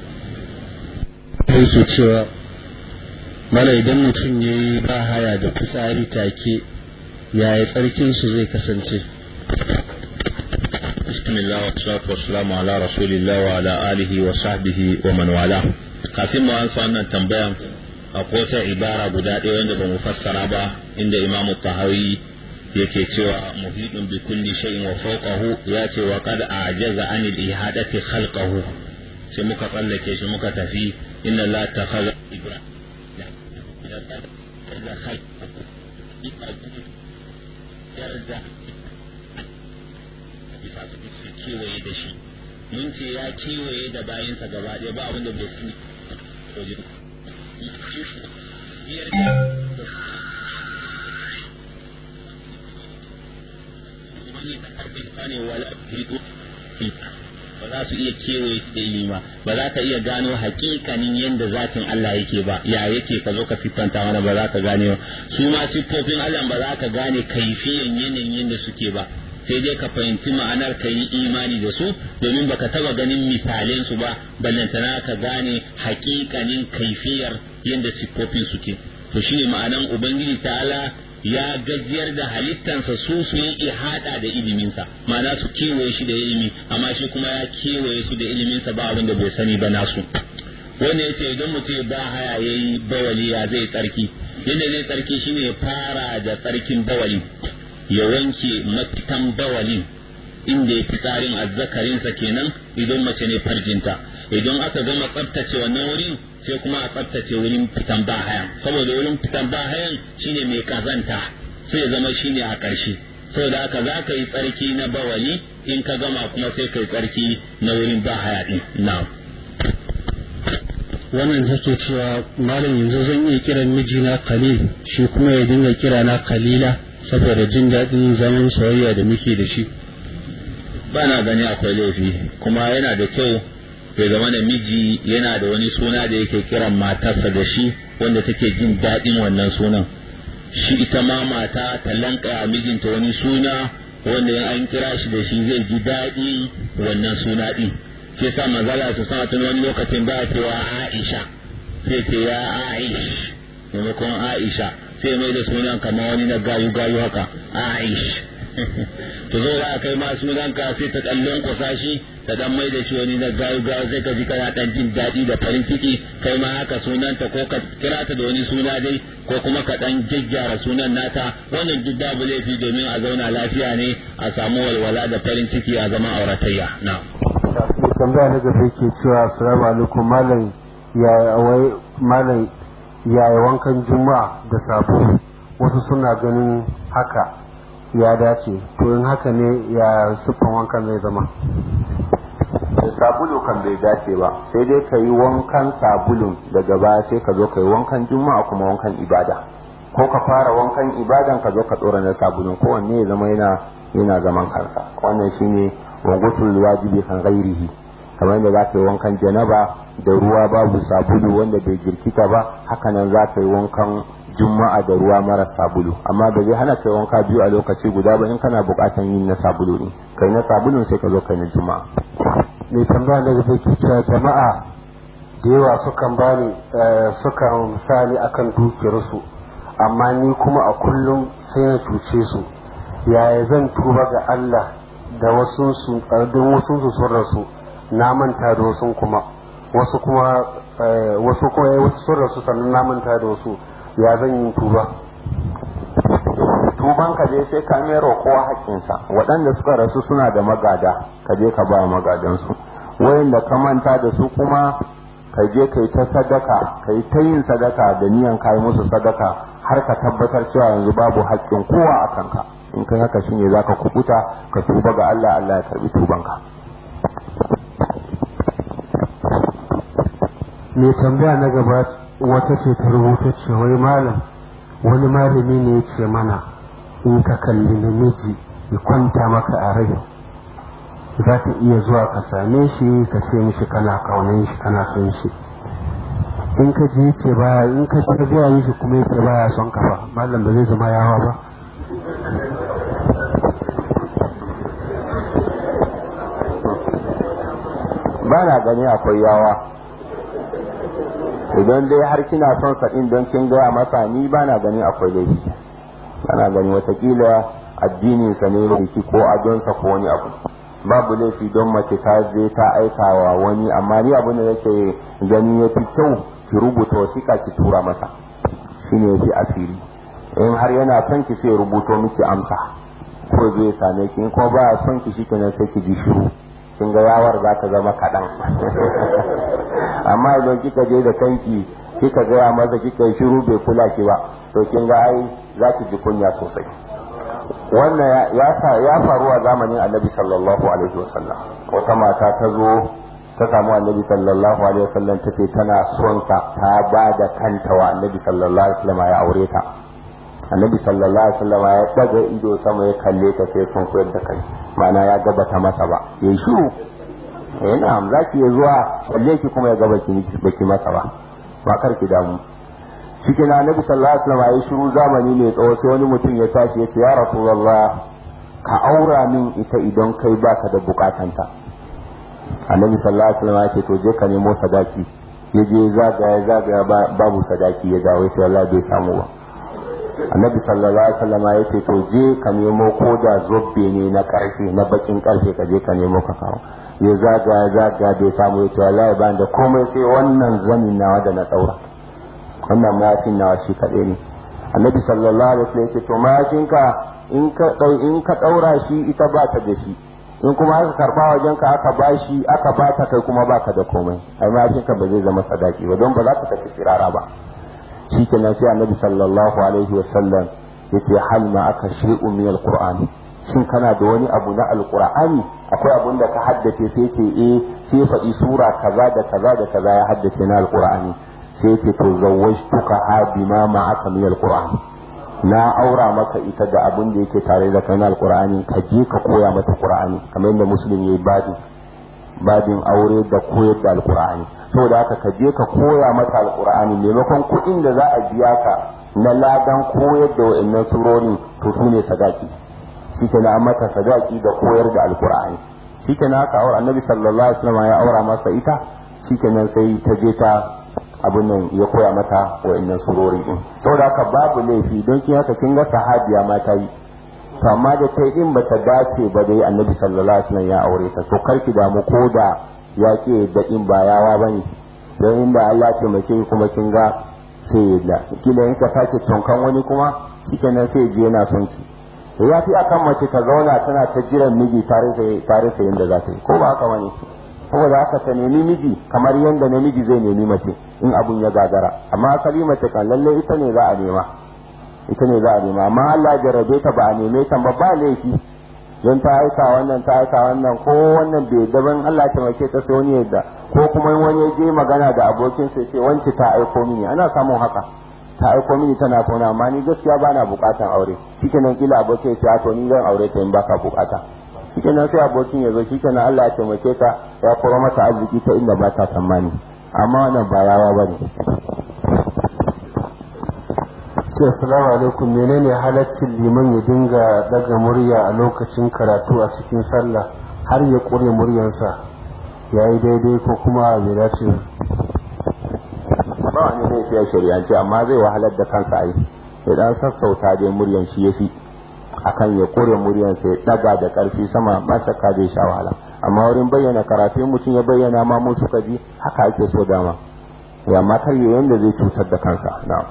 mana idan mutum ya yi ba haya da fitsari take yaya tsarkin su zai kasance bismillah wa wa ala rasulillah wa ala alihi wa sahbihi wa man wala kafin mu ansa wannan tambayan a kota ibara guda ɗaya wanda ba mu fassara ba inda imamu tahawi yake cewa muhidun bi kulli shay'in wa fawqahu ya ce wa qad ajaza anil ihadati khalqahu sai muka tsallake shi muka tafi inna la takhadha ibrahim خير da shi mun ce ya kewaye da bayansa gaba ɗaya ba abinda bai su wajen wani ne za su iya kewaye su daili ma ba za ka iya gano hakikanin yadda zatin Allah yake ba ya yake ka zo ka fitanta mana ba za ka gane ba su ma siffofin Allah ba za ka gane kaifiyan yanayin yadda suke ba sai dai ka fahimci ma'anar ka yi imani da su domin baka taba ganin misalin su ba ballantana ka gane hakikanin kaifiyar yadda siffofin suke to shine ma'anan ubangiji ta'ala ya gajiyar da halittansa su su yi ihada da iliminsa ma'ana su kewaye shi da ilimi amma shi kuma ya kewaye su da iliminsa ba abin da bai sani ba nasu wanda yace idan mutum ba haya yayi bawali ya zai tsarki yadda zai tsarki shine ya fara da tsarkin bawali ya wanke mafitan bawali inda ya fi tsarin azzakarinsa kenan idan mace ne farjinta idan aka gama tsaftace wannan wurin sai kuma a tsaftace wurin fitan ba haya saboda wurin fitan ba bahayan shine mai kazanta sai ya zama shine a ƙarshe da aka za ka yi tsarki na bawali in ka gama kuma sai ka yi tsarki na wurin ba haya din wannan take cewa malam yanzu zan iya kiran mijina khalil shi kuma ya dinga kira na khalila saboda jin daɗin zaman soyayya da muke da shi ba na gani akwai laifi kuma yana da kyau bai zama da miji yana da wani suna da yake kiran matarsa da shi wanda take jin daɗin wannan sunan shi ita ma mata ta lanka mijinta wani suna wanda in an kira shi da shi zai ji daɗi wannan suna ɗin ke sa manzala su sa tun wani lokacin ba cewa Aisha sai ce ya Aish maimakon Aisha sai mai da sunan kamar wani na gayu gayu haka Aish *laughs* to zai za a kai ma sunan ka sai ta kallon kusa ta dan mai da shi wani na gayu gayu sai ka ji kana dan jin daɗi da farin ciki kai ma haka sunan ta ko ka kira ta da wani suna dai ko kuma ka dan jajjara sunan nata wannan duk da babu laifi domin a zauna lafiya ne a samu walwala da farin ciki a zama auratayya na tambaya na gaba ke cewa assalamu alaikum malam yaya wai malam yaya wankan juma'a da sabo wasu suna ganin haka ya dace to in haka ne ya sufan wankan zai zama sabulu kan bai dace ba sai dai ka yi wankan sabulun daga baya sai ka zo ka yi wankan juma'a kuma wankan ibada ko ka fara wankan ibadan ka zo ka tsora na sabulun kowanne ya zama yana yana zaman kansa wannan shine wangutul wajibi kan ghairihi kamar da za ka yi wankan janaba da ruwa babu sabulu wanda bai jirkita ba haka nan za ka yi wankan juma'a da ruwa mara sabulu amma ba zai hana kai wanka biyu a lokaci guda ba in kana bukatan yin na sabulu ne kai na sabulu sai ka zo kai na juma'a mai tambaya da zai ke ta jama'a da yawa sukan bani eh, sukan misali akan su amma ni kuma a kullum sai na cuce su yaya zan tuba ga Allah da wasu su eh, don wasu su sun rasu na manta da wasu kuma wasu kuma eh, wasu kuma wasu sun rasu sannan na manta da wasu ya zan yi tuba tuban ka je sai ka mero kowa haƙƙinsa waɗanda suka rasu suna da magada ka je ka ba magadansu wayanda ka manta da su kuma ka je ka yi ta sadaka ka yi ta yin sadaka da niyan kayi musu sadaka har ka tabbatar cewa yanzu babu haƙƙin kowa a kanka in kai haka shine ka kubuta ka tuba ga Allah Allah ya karbi tubanka me tambaya na gaba wata ce ta rubuta ce wai malam wani malami ne ce mana in ka kalli namiji ya kwanta maka a rai za ta iya zuwa ka same shi ka ce mishi kana kaunin shi kana son shi in ka ji ce baya in ka zuwa yi shi kuma ba baya son kafa malam ba zai zama yawa ba ba na gani akwai yawa idan dai har kina son sa din don kin gaya masa ni ba na gani akwai laifi ana gani watakila addinin sa ne laifi ko sa ko wani abu babu laifi don mace ta je ta aika wa wani amma ni abu da yake gani ya fi kyau ki rubuta wasiƙa ki tura masa shine fi asiri in har yana son ki sai rubuto miki amsa ko zai same ki ko kuma ba son ki shi kenan sai ki ji shiru kin ga yawar za ta zama kaɗan amma idan kika je da kanki kika gaya maza kika yi shiru bai kula ki ba to kin ga ai za ki ji kunya sosai wannan ya faru a zamanin annabi sallallahu alaihi wasallam wata mata ta zo ta samu annabi sallallahu alaihi wasallam ta ce tana son sa ta ba da kanta wa annabi sallallahu alaihi wasallam ya aure ta annabi sallallahu alaihi wasallam ya daga ido sama ya kalle ta sai sun koyar da kai mana ya gabata masa ba ya shiru eh na'am ki ya zuwa kalle ki kuma ya gaba ki masa ba ba kar ki damu cikin annabi sallallahu alaihi wasallam ya shiru zamani ne tsawo sai wani mutum ya tashi ya ce ya rasulullah ka aura min ita idan kai baka da bukatanta annabi sallallahu alaihi wasallam ya ce to je ka nemo sadaki ya je zagaya zagaya babu sadaki ya dawo sai Allah bai samu ba annabi sallallahu alaihi wasallam ya ce to je ka nemo ko da zobbe ne na karfe na bakin karfe ka je ka nemo ka kawo ya zaga ya zaga bai samu ya ce wallahi ban da komai sai wannan zani nawa da na daura wannan mayafin nawa shi kaɗai ne annabi sallallahu alaihi wasallam ya ce to ka in ka in ka daura shi ita ba ta da shi in kuma aka karba wajen ka aka shi aka ba ta kai kuma baka da komai ai ka ba zai zama sadaki ba don ba za ka tafi tsirara ba shi kenan sai annabi sallallahu alaihi wasallam yace hal ma aka shay'u min alqur'ani shin kana da wani abu na alqur'ani akwai abun da ka haddace sai ce eh sai faɗi sura kaza da kaza da kaza ya haddace na alqur'ani sai yace to zawwajtuka ha ma aka min alqur'ani na aura maka ita da abun da yake tare da kai na alqur'ani ka je ka koya mata qur'ani kamar yadda muslim yayi badu babin aure da koyar da alkur'ani saboda haka ka je ka koya mata alkur'ani maimakon kuɗin da za a biya ka na ladan koyar da wa'annan surori to su ne sadaki shi na mata sadaki da koyar da alkur'ani shi na haka aure annabi sallallahu alaihi wasallam ya aura masa ita shi nan sai ta je ta abin nan ya koya mata wa'annan surori din saboda haka babu laifi don kin haka kin ga sahabiya ma ta yi to amma da kai din bata dace ba dai annabi sallallahu alaihi wasallam ya aure ta to karki damu ko da ya ke da in ba yawa bane dan inda Allah ya taimake kuma kin ga sai yadda kila in ka sake tunkan wani kuma shikenan sai je yana son ki ya fi akan mace ta zauna tana ta jiran miji tare da inda za ta yi ko ba haka wani saboda haka ta nemi miji kamar yadda namiji zai nemi mace in abun ya gagara amma asali mace kan lalle ita ne za a nema ita ne za a nema amma Allah ya jarrabe ta ba a neme ta ba ba laifi don ta aika wannan ta aika wannan ko wannan bai daban Allah ta mace ta sai wani yadda ko kuma wani ya je magana da abokin sai ce wance ta aiko mini ana samun haka ta aiko mini tana kona amma ni gaskiya ba na bukatan aure shikenan kila abokin ya ce a to ni zan aure ta in ba ka bukata shikenan sai abokin ya zo shikenan Allah ya taimake ta ya koro mata arziki ta inda ba ta tsammani amma wannan ba rawa bane ce assalamu alaikum menene halaccin liman ya dinga daga murya a lokacin karatu a cikin sallah har ya kure muryansa ya yi daidai ko kuma bai dace ba wani zai fiye shari'ance amma zai wahalar da kansa a yi. Idan sassauta dai muryan shi ya fi akan ya kure muryansa ya daga da karfi sama ba shakka zai sha wahala amma wurin bayyana karatun mutum ya bayyana ma mun suka ji haka ake so dama ya matar yi yadda zai cutar da kansa na'am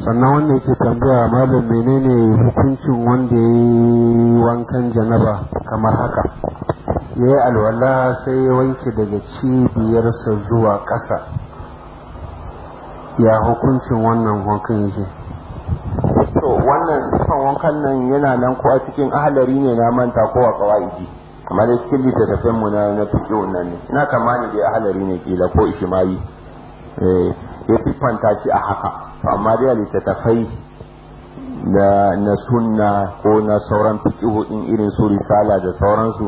sannan wannan ke tambaya malam menene hukuncin wanda ya yi wankan janaba kamar haka ya yi alwala sai ya wanke daga cibiyarsa zuwa ƙasa ya hukuncin wannan wankan yake to wannan sifan wankan nan yana nan ko cikin ahalari ne na manta ko a kawa'idi amma da cikin littattafan mu na na fiƙi wannan ne ina ne dai ahalari ne kila ko ishimali eh, ya siffanta shi a haka amma dai littattafai da na sunna ko na sauran fikihu irin su risala da sauransu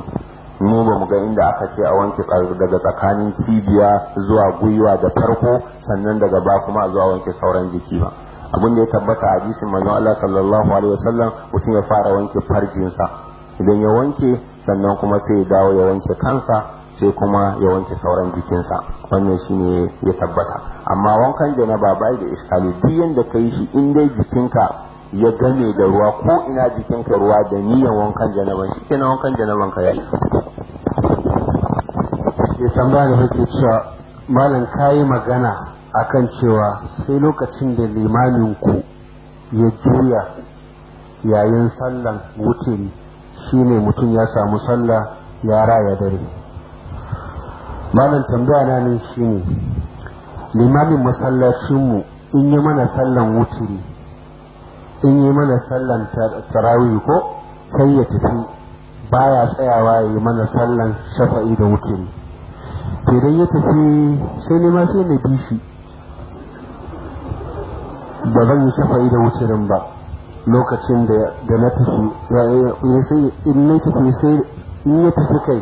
mu ba mu ga inda aka ce a wanke daga tsakanin cibiya zuwa gwiwa da farko sannan daga ba kuma a zuwa wanke sauran jiki ba abin da ya tabbata a hadisin manzon Allah sallallahu alaihi wasallam mutum ya fara wanke farjinsa idan ya wanke sannan kuma sai ya dawo ya wanke kansa sai kuma ya wanke sauran jikinsa wannan shine ya tabbata amma wankan janaba bai da iskali duk ka kai shi in dai jikinka ya game da ruwa ko ina jikinka ruwa da niyan wankan janaban shi kenan wankan janaban ka yayi ya tambaya da hake cewa malam kayi magana akan cewa sai lokacin da limamin ku ya juya yayin sallan wuce shine mutum ya samu sallah ya raya dare malam tambaya na ne shi ne limamin masallacinmu in yi mana sallan wuturi in yi mana sallan tarawih ko sai ya tafi baya tsayawa ya yi mana sallan shafa'i da wuturi to idan ya tafi sai ne ma sai na bi shi ba zan yi shafa'i da wuturin ba lokacin da na tafi in na tafi sai in ya tafi kai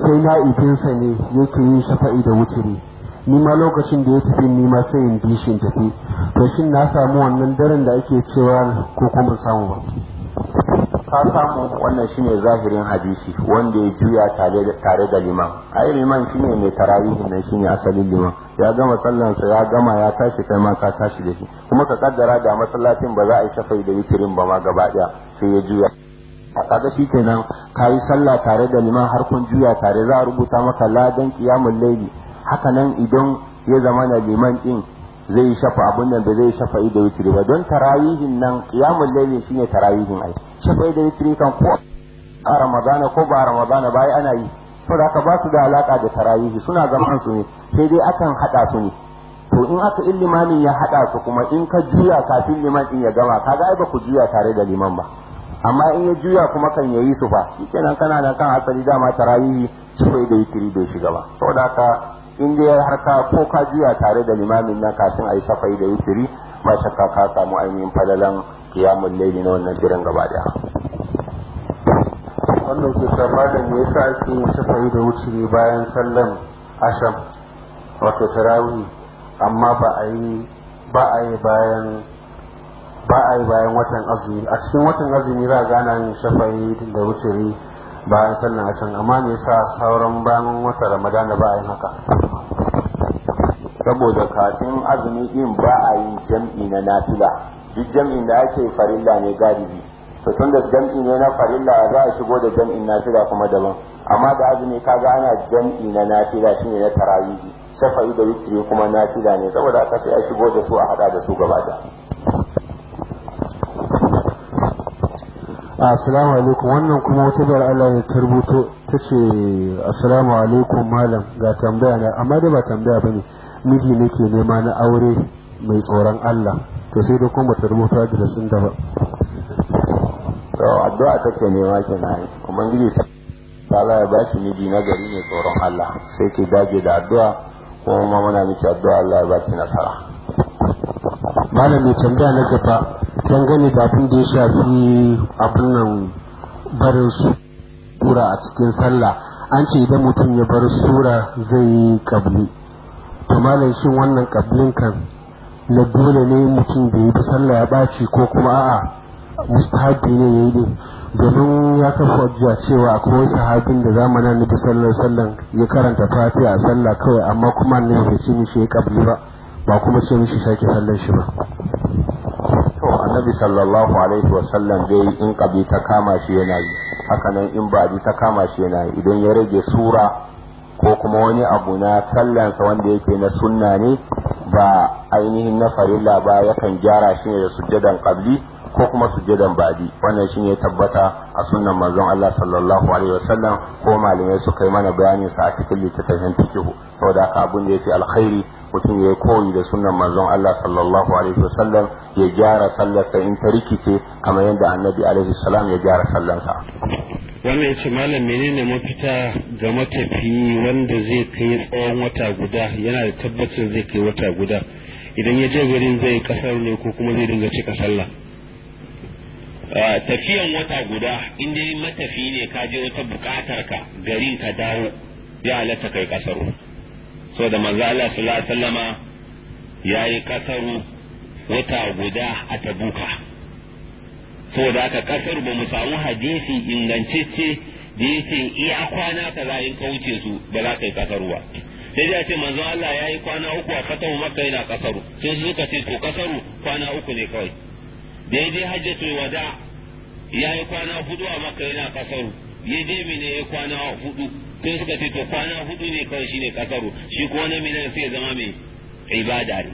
sai na ne yake yin shafa'i da wuturi ni ma lokacin da ya tafi ni ma sai in bi shi tafi to shin na samu wannan daren da ake cewa ko kuma samu ba ka samu wannan shine zahirin hadisi wanda ya juya tare da liman ai liman shine mai tarawihi nan shine asalin liman ya gama sa ya gama ya tashi kai ma ka tashi da shi kuma ka kaddara da masallacin ba za a yi shafai da witirin ba ma gaba daya sai ya juya a kaga shi kenan ka yi sallah tare da liman har kun juya tare za a rubuta maka ladan kiyamun laili haka nan idan ya zama na liman din zai yi shafa abun nan da zai shafa da witiri ba don tarawihin nan kiyamun laili shine tarawihin ai shafa da witiri kan ko a ramadana ko ba ramadana ba ana yi da ka ba su da alaka da tarawihi suna zaman su ne sai dai akan hada su ne to in aka in limamin ya hada su kuma in ka juya kafin liman din ya gama kaga ai ba ku juya tare da liman ba amma in ya juya kuma kan yayi su fa kenan kana da kan asali dama tarawihi sai da yikiri da shiga gaba saboda haka in dai har ka ko ka juya tare da limamin nan kafin ayi safai da yikiri ba shakka ka samu ainihin falalan kiyamul layli na wannan jiran gaba daya wannan ke sama da me yasa ake yin safai da wuturi bayan sallan asham wato tarawih amma ba a ba a yi bayan ba a yi bayan watan azumi a cikin watan azumi za a gana yin shafayi da wuciri bayan sannan a can amma me yasa sauran bayan wata ramadana ba a yin haka saboda kafin azumi in ba a yin jam'i na nafila duk jam'in da ake farilla ne galibi to tun da jam'i ne na farilla za a shigo da na nafila kuma daban amma da azumi kaga ana jam'i na nafila shine na tarawihi shafa'i da witri kuma nafila ne saboda aka sai a shigo da su a hada da su gaba da assalamu alaikum wannan kuma wata bar Allah ya tarbuto ta ce assalamu alaikum malam ga tambaya na amma da ba tambaya ba ne miji nake nema na aure mai tsoron Allah to sai da kuma ta rubuta sun da ba to addu'a take nema kenan kuma gidi ta Allah ya baki miji na gari mai tsoron Allah sai ke dage da addu'a kuma muna miki addu'a Allah ya baki nasara malam mai tambaya na gaba gani da abin da ya shafi abin nan barin sura a cikin sallah an ce idan mutum ya bar sura zai yi kabli to malam shin wannan kablin kan na dole ne mutum da yi sallah ya baci ko kuma a'a mustahabi ne ya yi ne domin ya kafa jiya cewa akwai sahabin da na nabi sallar sallan ya karanta fatiha a sallah kawai amma kuma ne bai ci mishi ya kabli ba ba kuma ce mishi sake sallan shi ba to annabi sallallahu alaihi wa sallam dai in kabi ta kama shi yana yi hakanan in ba ta kama shi yana yi idan ya rage sura ko kuma wani abu na sa wanda yake na sunna ne ba ainihin na farilla ba yakan gyara shi ne da sujjadan qabli ko kuma sujadan badi wannan shi shine tabbata a sunnan manzon Allah sallallahu alaihi wasallam ko malamai su kai mana bayanin sa a cikin littafin fiqh saboda haka abun da yake alkhairi mutum ya koyi da sunan manzon Allah sallallahu alaihi wasallam ya gyara sallarsa in ta rikice kamar yadda annabi alaihi salam ya gyara sallarsa wannan ya ce malam menene mafita ga matafiyi wanda zai kai tsawon wata guda yana da tabbacin zai kai wata guda idan ya je garin zai kasar ne ko kuma zai dinga cika sallah Eh, tafiyan wata guda in dai matafi ne ka je wata bukatar ka garin ka dawo ya halatta kai kasaru so da manzo Allah sallallahu alaihi wasallama yayi kasaru wata guda a tabuka so da aka kasar ba mu samu hadisi ingantacce da yake iya kwana za in ka su ba za ka yi kasarwa sai dai a ce manzo Allah yayi kwana uku a fatahu makka yana kasaru sai suka ce to kasaru kwana uku ne kawai daidai hajjatu wada ya yi kwana hudu a maka yana kasaru ya je mine ya kwana hudu sai suka ce to kwana hudu ne kawai shine kasaru shi ko na minan sai zama mai ibada ne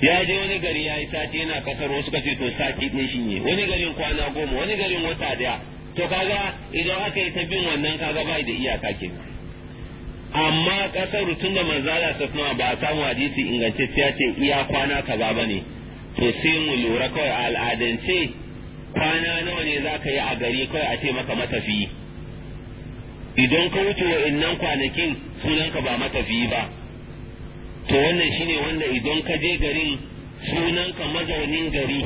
ya je wani gari ya yi sati yana kasaru suka ce to sati ɗin shi ne wani garin kwana goma wani garin wata daya to kaga idan aka yi ta bin wannan kaga bai da iyaka ke amma kasaru tun da manzala ta suna ba a samu hadisi ingantacciya ce iya kwana kaza ba ne to sai mu lura kawai a al'adance kwana nawa ne za ka yi a gari kawai a ce maka matafi idan ka wuce wa'innan kwanakin sunanka ba matafi ba to wannan shine wanda idan ka je garin sunanka mazaunin gari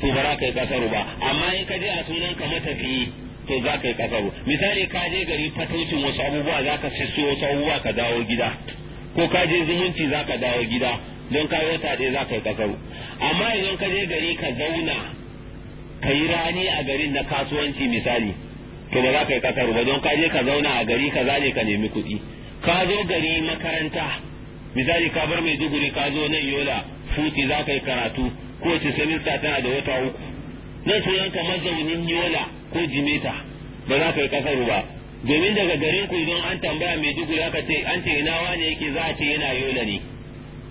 to ba za ka yi kasaru ba amma in ka je a sunanka matafi to za ka yi kasaru misali ka je gari fatocin wasu abubuwa za ka sisso wasu abubuwa ka dawo gida ko ka je zumunci za ka dawo gida don ka wata ɗaya za ka yi kasaru amma idan ka je gari ka zauna ka yi rani a garin na kasuwanci misali to ba za ka yi kasar ba don ka je ka zauna a gari ka zane ka nemi kuɗi ka zo gari makaranta misali ka bar mai duguri ka zo nan yola futi za ka yi karatu ko ce semista tana da wata uku nan sunan yanka mazaunin yola ko jimeta ba za ka yi kasar ba domin daga garin ku idan an tambaya duguri aka ce an ce ina wane yake za a ce yana yola ne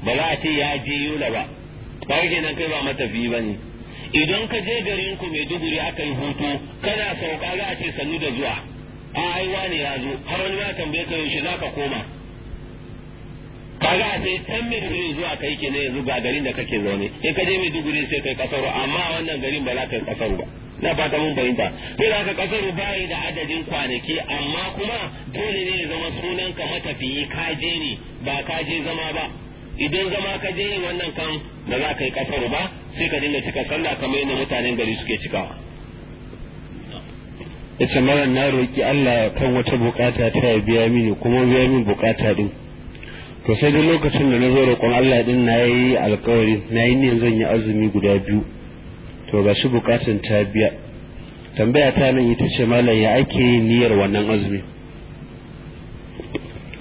ba za a ce ya je yola ba kawai kenan kai ba matafi ba ne idan ka je garin ku mai duguri aka yi hutu kana sauka za a ce sannu da zuwa a aiwa ne ya zo har wani ya tambaye ka yaushe za ka koma kaga a sai can mai duguri zuwa kai kenan yanzu ga garin da kake zaune in ka je mai duguri sai kai kasaro amma wannan garin ba za ka yi kasar ba na fata mun fahimta sai da ka ba yi da adadin kwanaki amma kuma dole ne ya zama sunan ka matafiyi kaje je ne ba ka je zama ba idan zama ka je yin wannan kan ba za ka yi kasar ba sai ka dinga cika sallah kamar yadda mutanen gari suke cikawa Ita mara na roƙi Allah kan wata bukata ta ya biya mini kuma biya min bukata din to sai duk lokacin da na zo roƙon Allah din na yi alƙawari na yi ne zan yi azumi guda biyu to ga shi bukatan ta biya tambaya ta nan ita ce malam ya ake yin niyyar wannan azumi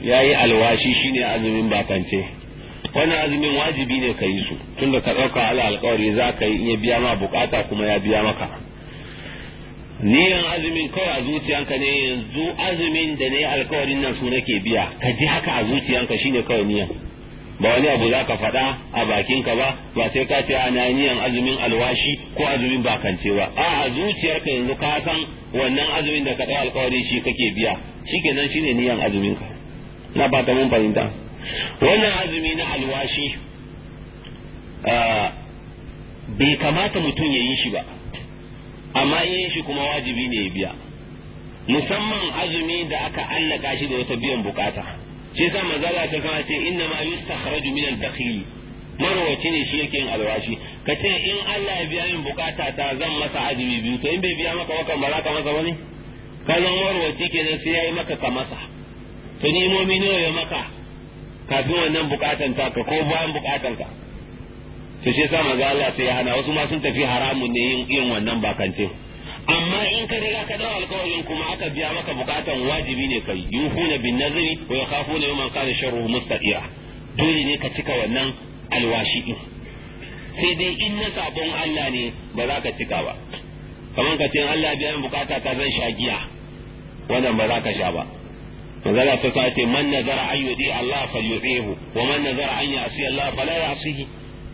ya yi alwashi shine azumin bakance wani azumin wajibi ne ka yi su tunda ka ɗauka ala alkawari za ka yi iya biya ma bukata kuma ya biya maka niyan azumin kawai a zuciyanka ne yanzu azumin da ne alkawarin nan su nake biya ka ji haka a zuciyanka shine kawai niyan ba wani abu za ka faɗa a bakinka ba ba sai ka ce ana niyan azumin alwashi ko azumin bakance ba a a zuciyarka yanzu ka san wannan azumin da ka ɗau alkawari shi kake biya shi shine niyan azuminka na ba mun fahimta wannan azumi na alwashi bai kamata mutum ya yi shi ba amma yin shi kuma wajibi ne ya biya musamman azumi da aka allaka shi da wata biyan bukata shi sa manzala ta kama ce inna ma yustakhraju min al-bakhil marwaci ne shi yake yin alwashi ka ce in Allah ya biya min bukata ta zan masa azumi biyu to in bai biya maka wakan ba za ka masa wani ka zan marwaci kenan sai ya yi maka ka masa to ni mu'mini ya maka kafin wannan bukatan ta ka ko bayan bukatan ka to shi yasa manzo Allah sai ya hana wasu ma sun tafi haramun ne yin yin wannan bakance. amma in ka riga ka dawo alƙawarin kuma aka biya maka bukatan wajibi ne kai yuhuna bin nazri wa yakhafuna yawman kana sharruhu mustaqira dole ne ka cika wannan alwashi din sai dai in na sabon Allah ne ba za ka cika ba kamar ka ce Allah biya min bukata ka zan sha giya wannan ba za ka sha ba manzo ta ta ce man nazara an yudi Allah falyudihu wa man nazara an ya'si Allah fala asihi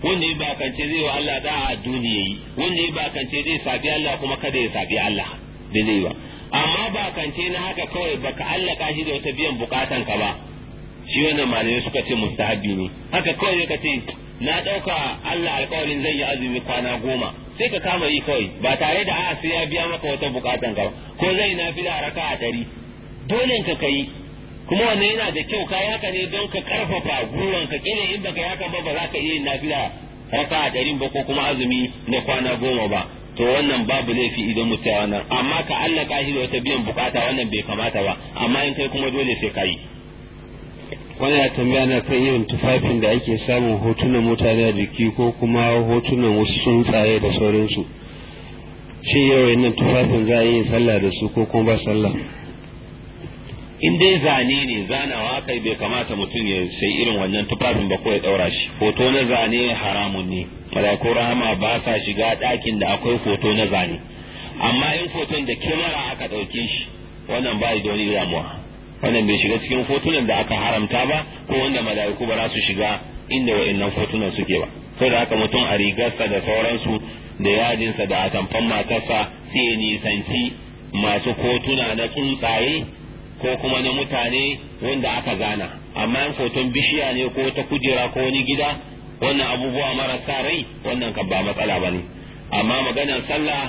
wanda ya bakance zai wa Allah da a duniya yi wanda ya bakance zai sabi Allah kuma kada ya sabi Allah da zai ba amma bakance na haka kawai baka ka shi da wata biyan bukatan ka ba shi wannan malamai suka ce mustahabi ne haka kawai ka ce na dauka Allah alƙawarin zai yi azumi kwana goma sai ka kama yi kawai ba tare da a'a sai ya biya maka wata bukatan ka ko zai na fila raka a dari dole ka kai kuma wannan yana da kyau ka yaka ne don ka karfafa gurin ka kila in baka yaka ba ba za ka iya nafila haka a ɗarin ba ko kuma azumi na kwana goma ba to wannan babu laifi idan mutum wannan amma ka allaka shi da wata biyan bukata wannan bai kamata ba amma in kai kuma dole sai ka yi wani ya tambaya na kan irin tufafin da ake samun hotunan mutane a jiki ko kuma hotunan wasu tsuntsaye da sauransu shi yau nan tufafin za a yi sallah da su ko kuma ba sallah in dai zane ne zanawa kai bai kamata mutum ya sai irin wannan tufafin ba ko ya daura shi hoto na zane haramun ne ko rahama ba sa shiga dakin da akwai hoto na zane amma in hoton da kyamara aka ɗauke shi wannan ba da wani damuwa wannan bai shiga cikin hotunan da aka haramta ba ko wanda malaiku ba za su shiga inda wa'annan hotunan suke ba sai da haka mutum a rigarsa da sauransu da yajinsa da atamfan matarsa sai nisanci masu kotuna na tsuntsaye ko kuma na mutane wanda aka gana amma in hoton bishiya ne ko ta kujera ko wani gida wannan abubuwa marasa rai wannan kan ba matsala ba ne amma maganar sallah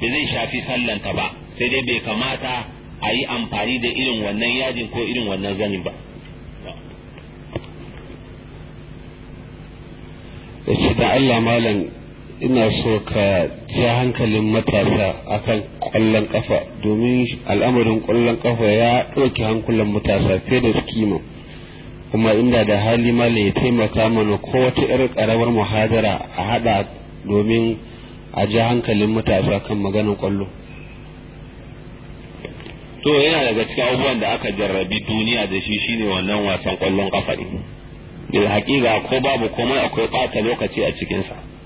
ba zai shafi sallan ka ba sai dai bai kamata a yi amfani da irin wannan yajin ko irin wannan zanin ba da Allah malam ina so ka ja hankalin matasa akan kwallon kafa domin al'amarin kwallon kafa ya ɗauki hankulan matasa fiye da kima kuma inda da hali mala ya taimaka mana ko yar ƙaramar karamar muhadara a haɗa domin a ja hankalin matasa kan maganin kwallo to yana daga cikin abubuwan da aka jarrabi duniya da shi shine wannan wasan kwallon kafa ne bil haƙiƙa ko babu komai akwai ɓata lokaci a cikinsa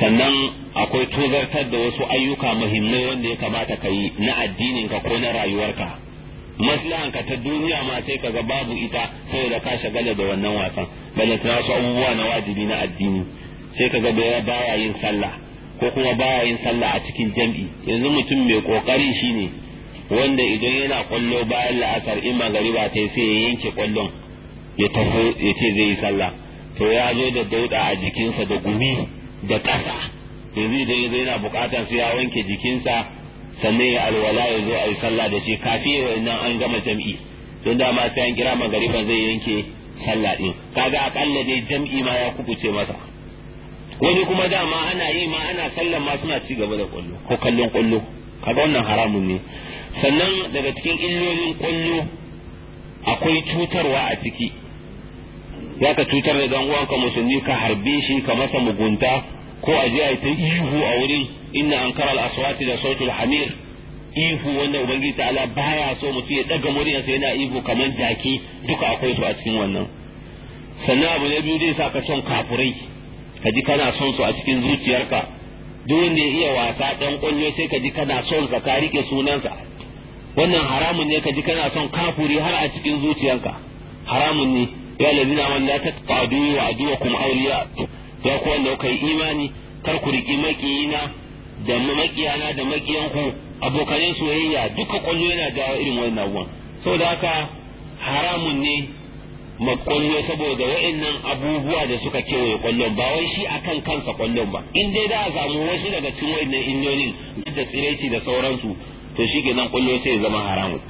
sannan akwai tozartar da wasu ayyuka muhimmai wanda ya kamata ka yi na addininka ko na rayuwarka maslahanka ta duniya ma sai ka ga babu ita saboda ka shagala da wannan wasan ta su abubuwa na wajibi na addini sai ka ga da baya yin sallah ko kuma baya yin sallah a cikin jam'i yanzu mutum mai kokari shine wanda idan yana kwallo bayan la'asar in magariba ta sai ya yanke kwallon ya tafi ya ce zai yi sallah to ya zo da dauda a jikinsa da gumi da kasa da zai ya yana buƙatar su ya wanke jikinsa sannan ya alwala ya zo a yi sallah da shi kafin wannan an gama jam'i don da ma sai an kira magariba zai yanke sallah din kaga akalla dai jam'i ma ya kubuce masa wani kuma dama ana yi ma ana sallan ma suna ci gaba da kullu ko kallon kwallo kaga wannan haramun ne sannan daga cikin illolin kwallo akwai cutarwa a ciki ya ka cutar da dan uwanka musulmi ka harbe shi ka masa mugunta ko a je a ta ihu a wurin inna ankara al-aswati da sautul hamir ihu wanda ubangiji ala baya so mutum ya daga muryarsa yana ihu kamar jaki duka akwai su a cikin wannan sannan abu na biyu zai sa ka son kafurai ka ji kana son su a cikin zuciyarka duk wanda ya iya wasa dan kwallo sai ka ji kana son sa ka rike sunansa wannan haramun ne ka ji kana son kafuri har a cikin zuciyarka haramun ne ya allazina amanu la taqadu wa kuma awliya ya ku wanda kuka yi imani kar ku riki da makiyana da makiyanku abokanin soyayya duka kwallo yana jawo irin wannan sau da haka haramun ne makwallo saboda wa'annan abubuwa da suka kewaye kwallon ba wai shi akan kansa kwallon ba in dai za a samu wasu daga cikin wa'annan illolin da tsiraici da sauransu to shi nan kwallo sai zama haramun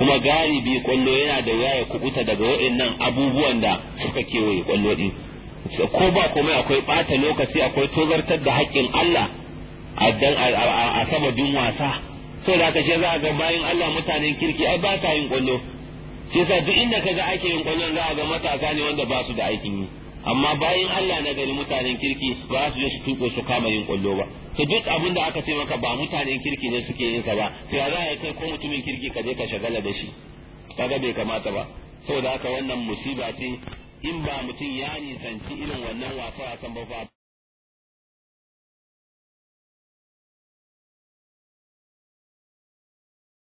kuma galibi kwallo yana da ya kubuta daga waɗannan abubuwan da suka kewaye kwallo din ko ba komai akwai ɓata lokaci akwai tozartar da haƙƙin Allah a sababin wasa Sau da aka ce za a ga bayan Allah mutanen kirki ai ba ta yin kwallo sai sa duk inda ka ga ake yin kwallon za a ga matasa ne wanda ba su da aikin yi amma bayan Allah na gani mutanen kirki ba su je su tuko su kama yin kwallo ba to duk abin da aka ce maka ba mutanen kirki ne suke yin sa ba sai za a kai ko mutumin kirki ka je ka shagala da shi kaga bai kamata ba saboda haka wannan musiba ce in ba mutum ya nisanci irin wannan wasa wasan ba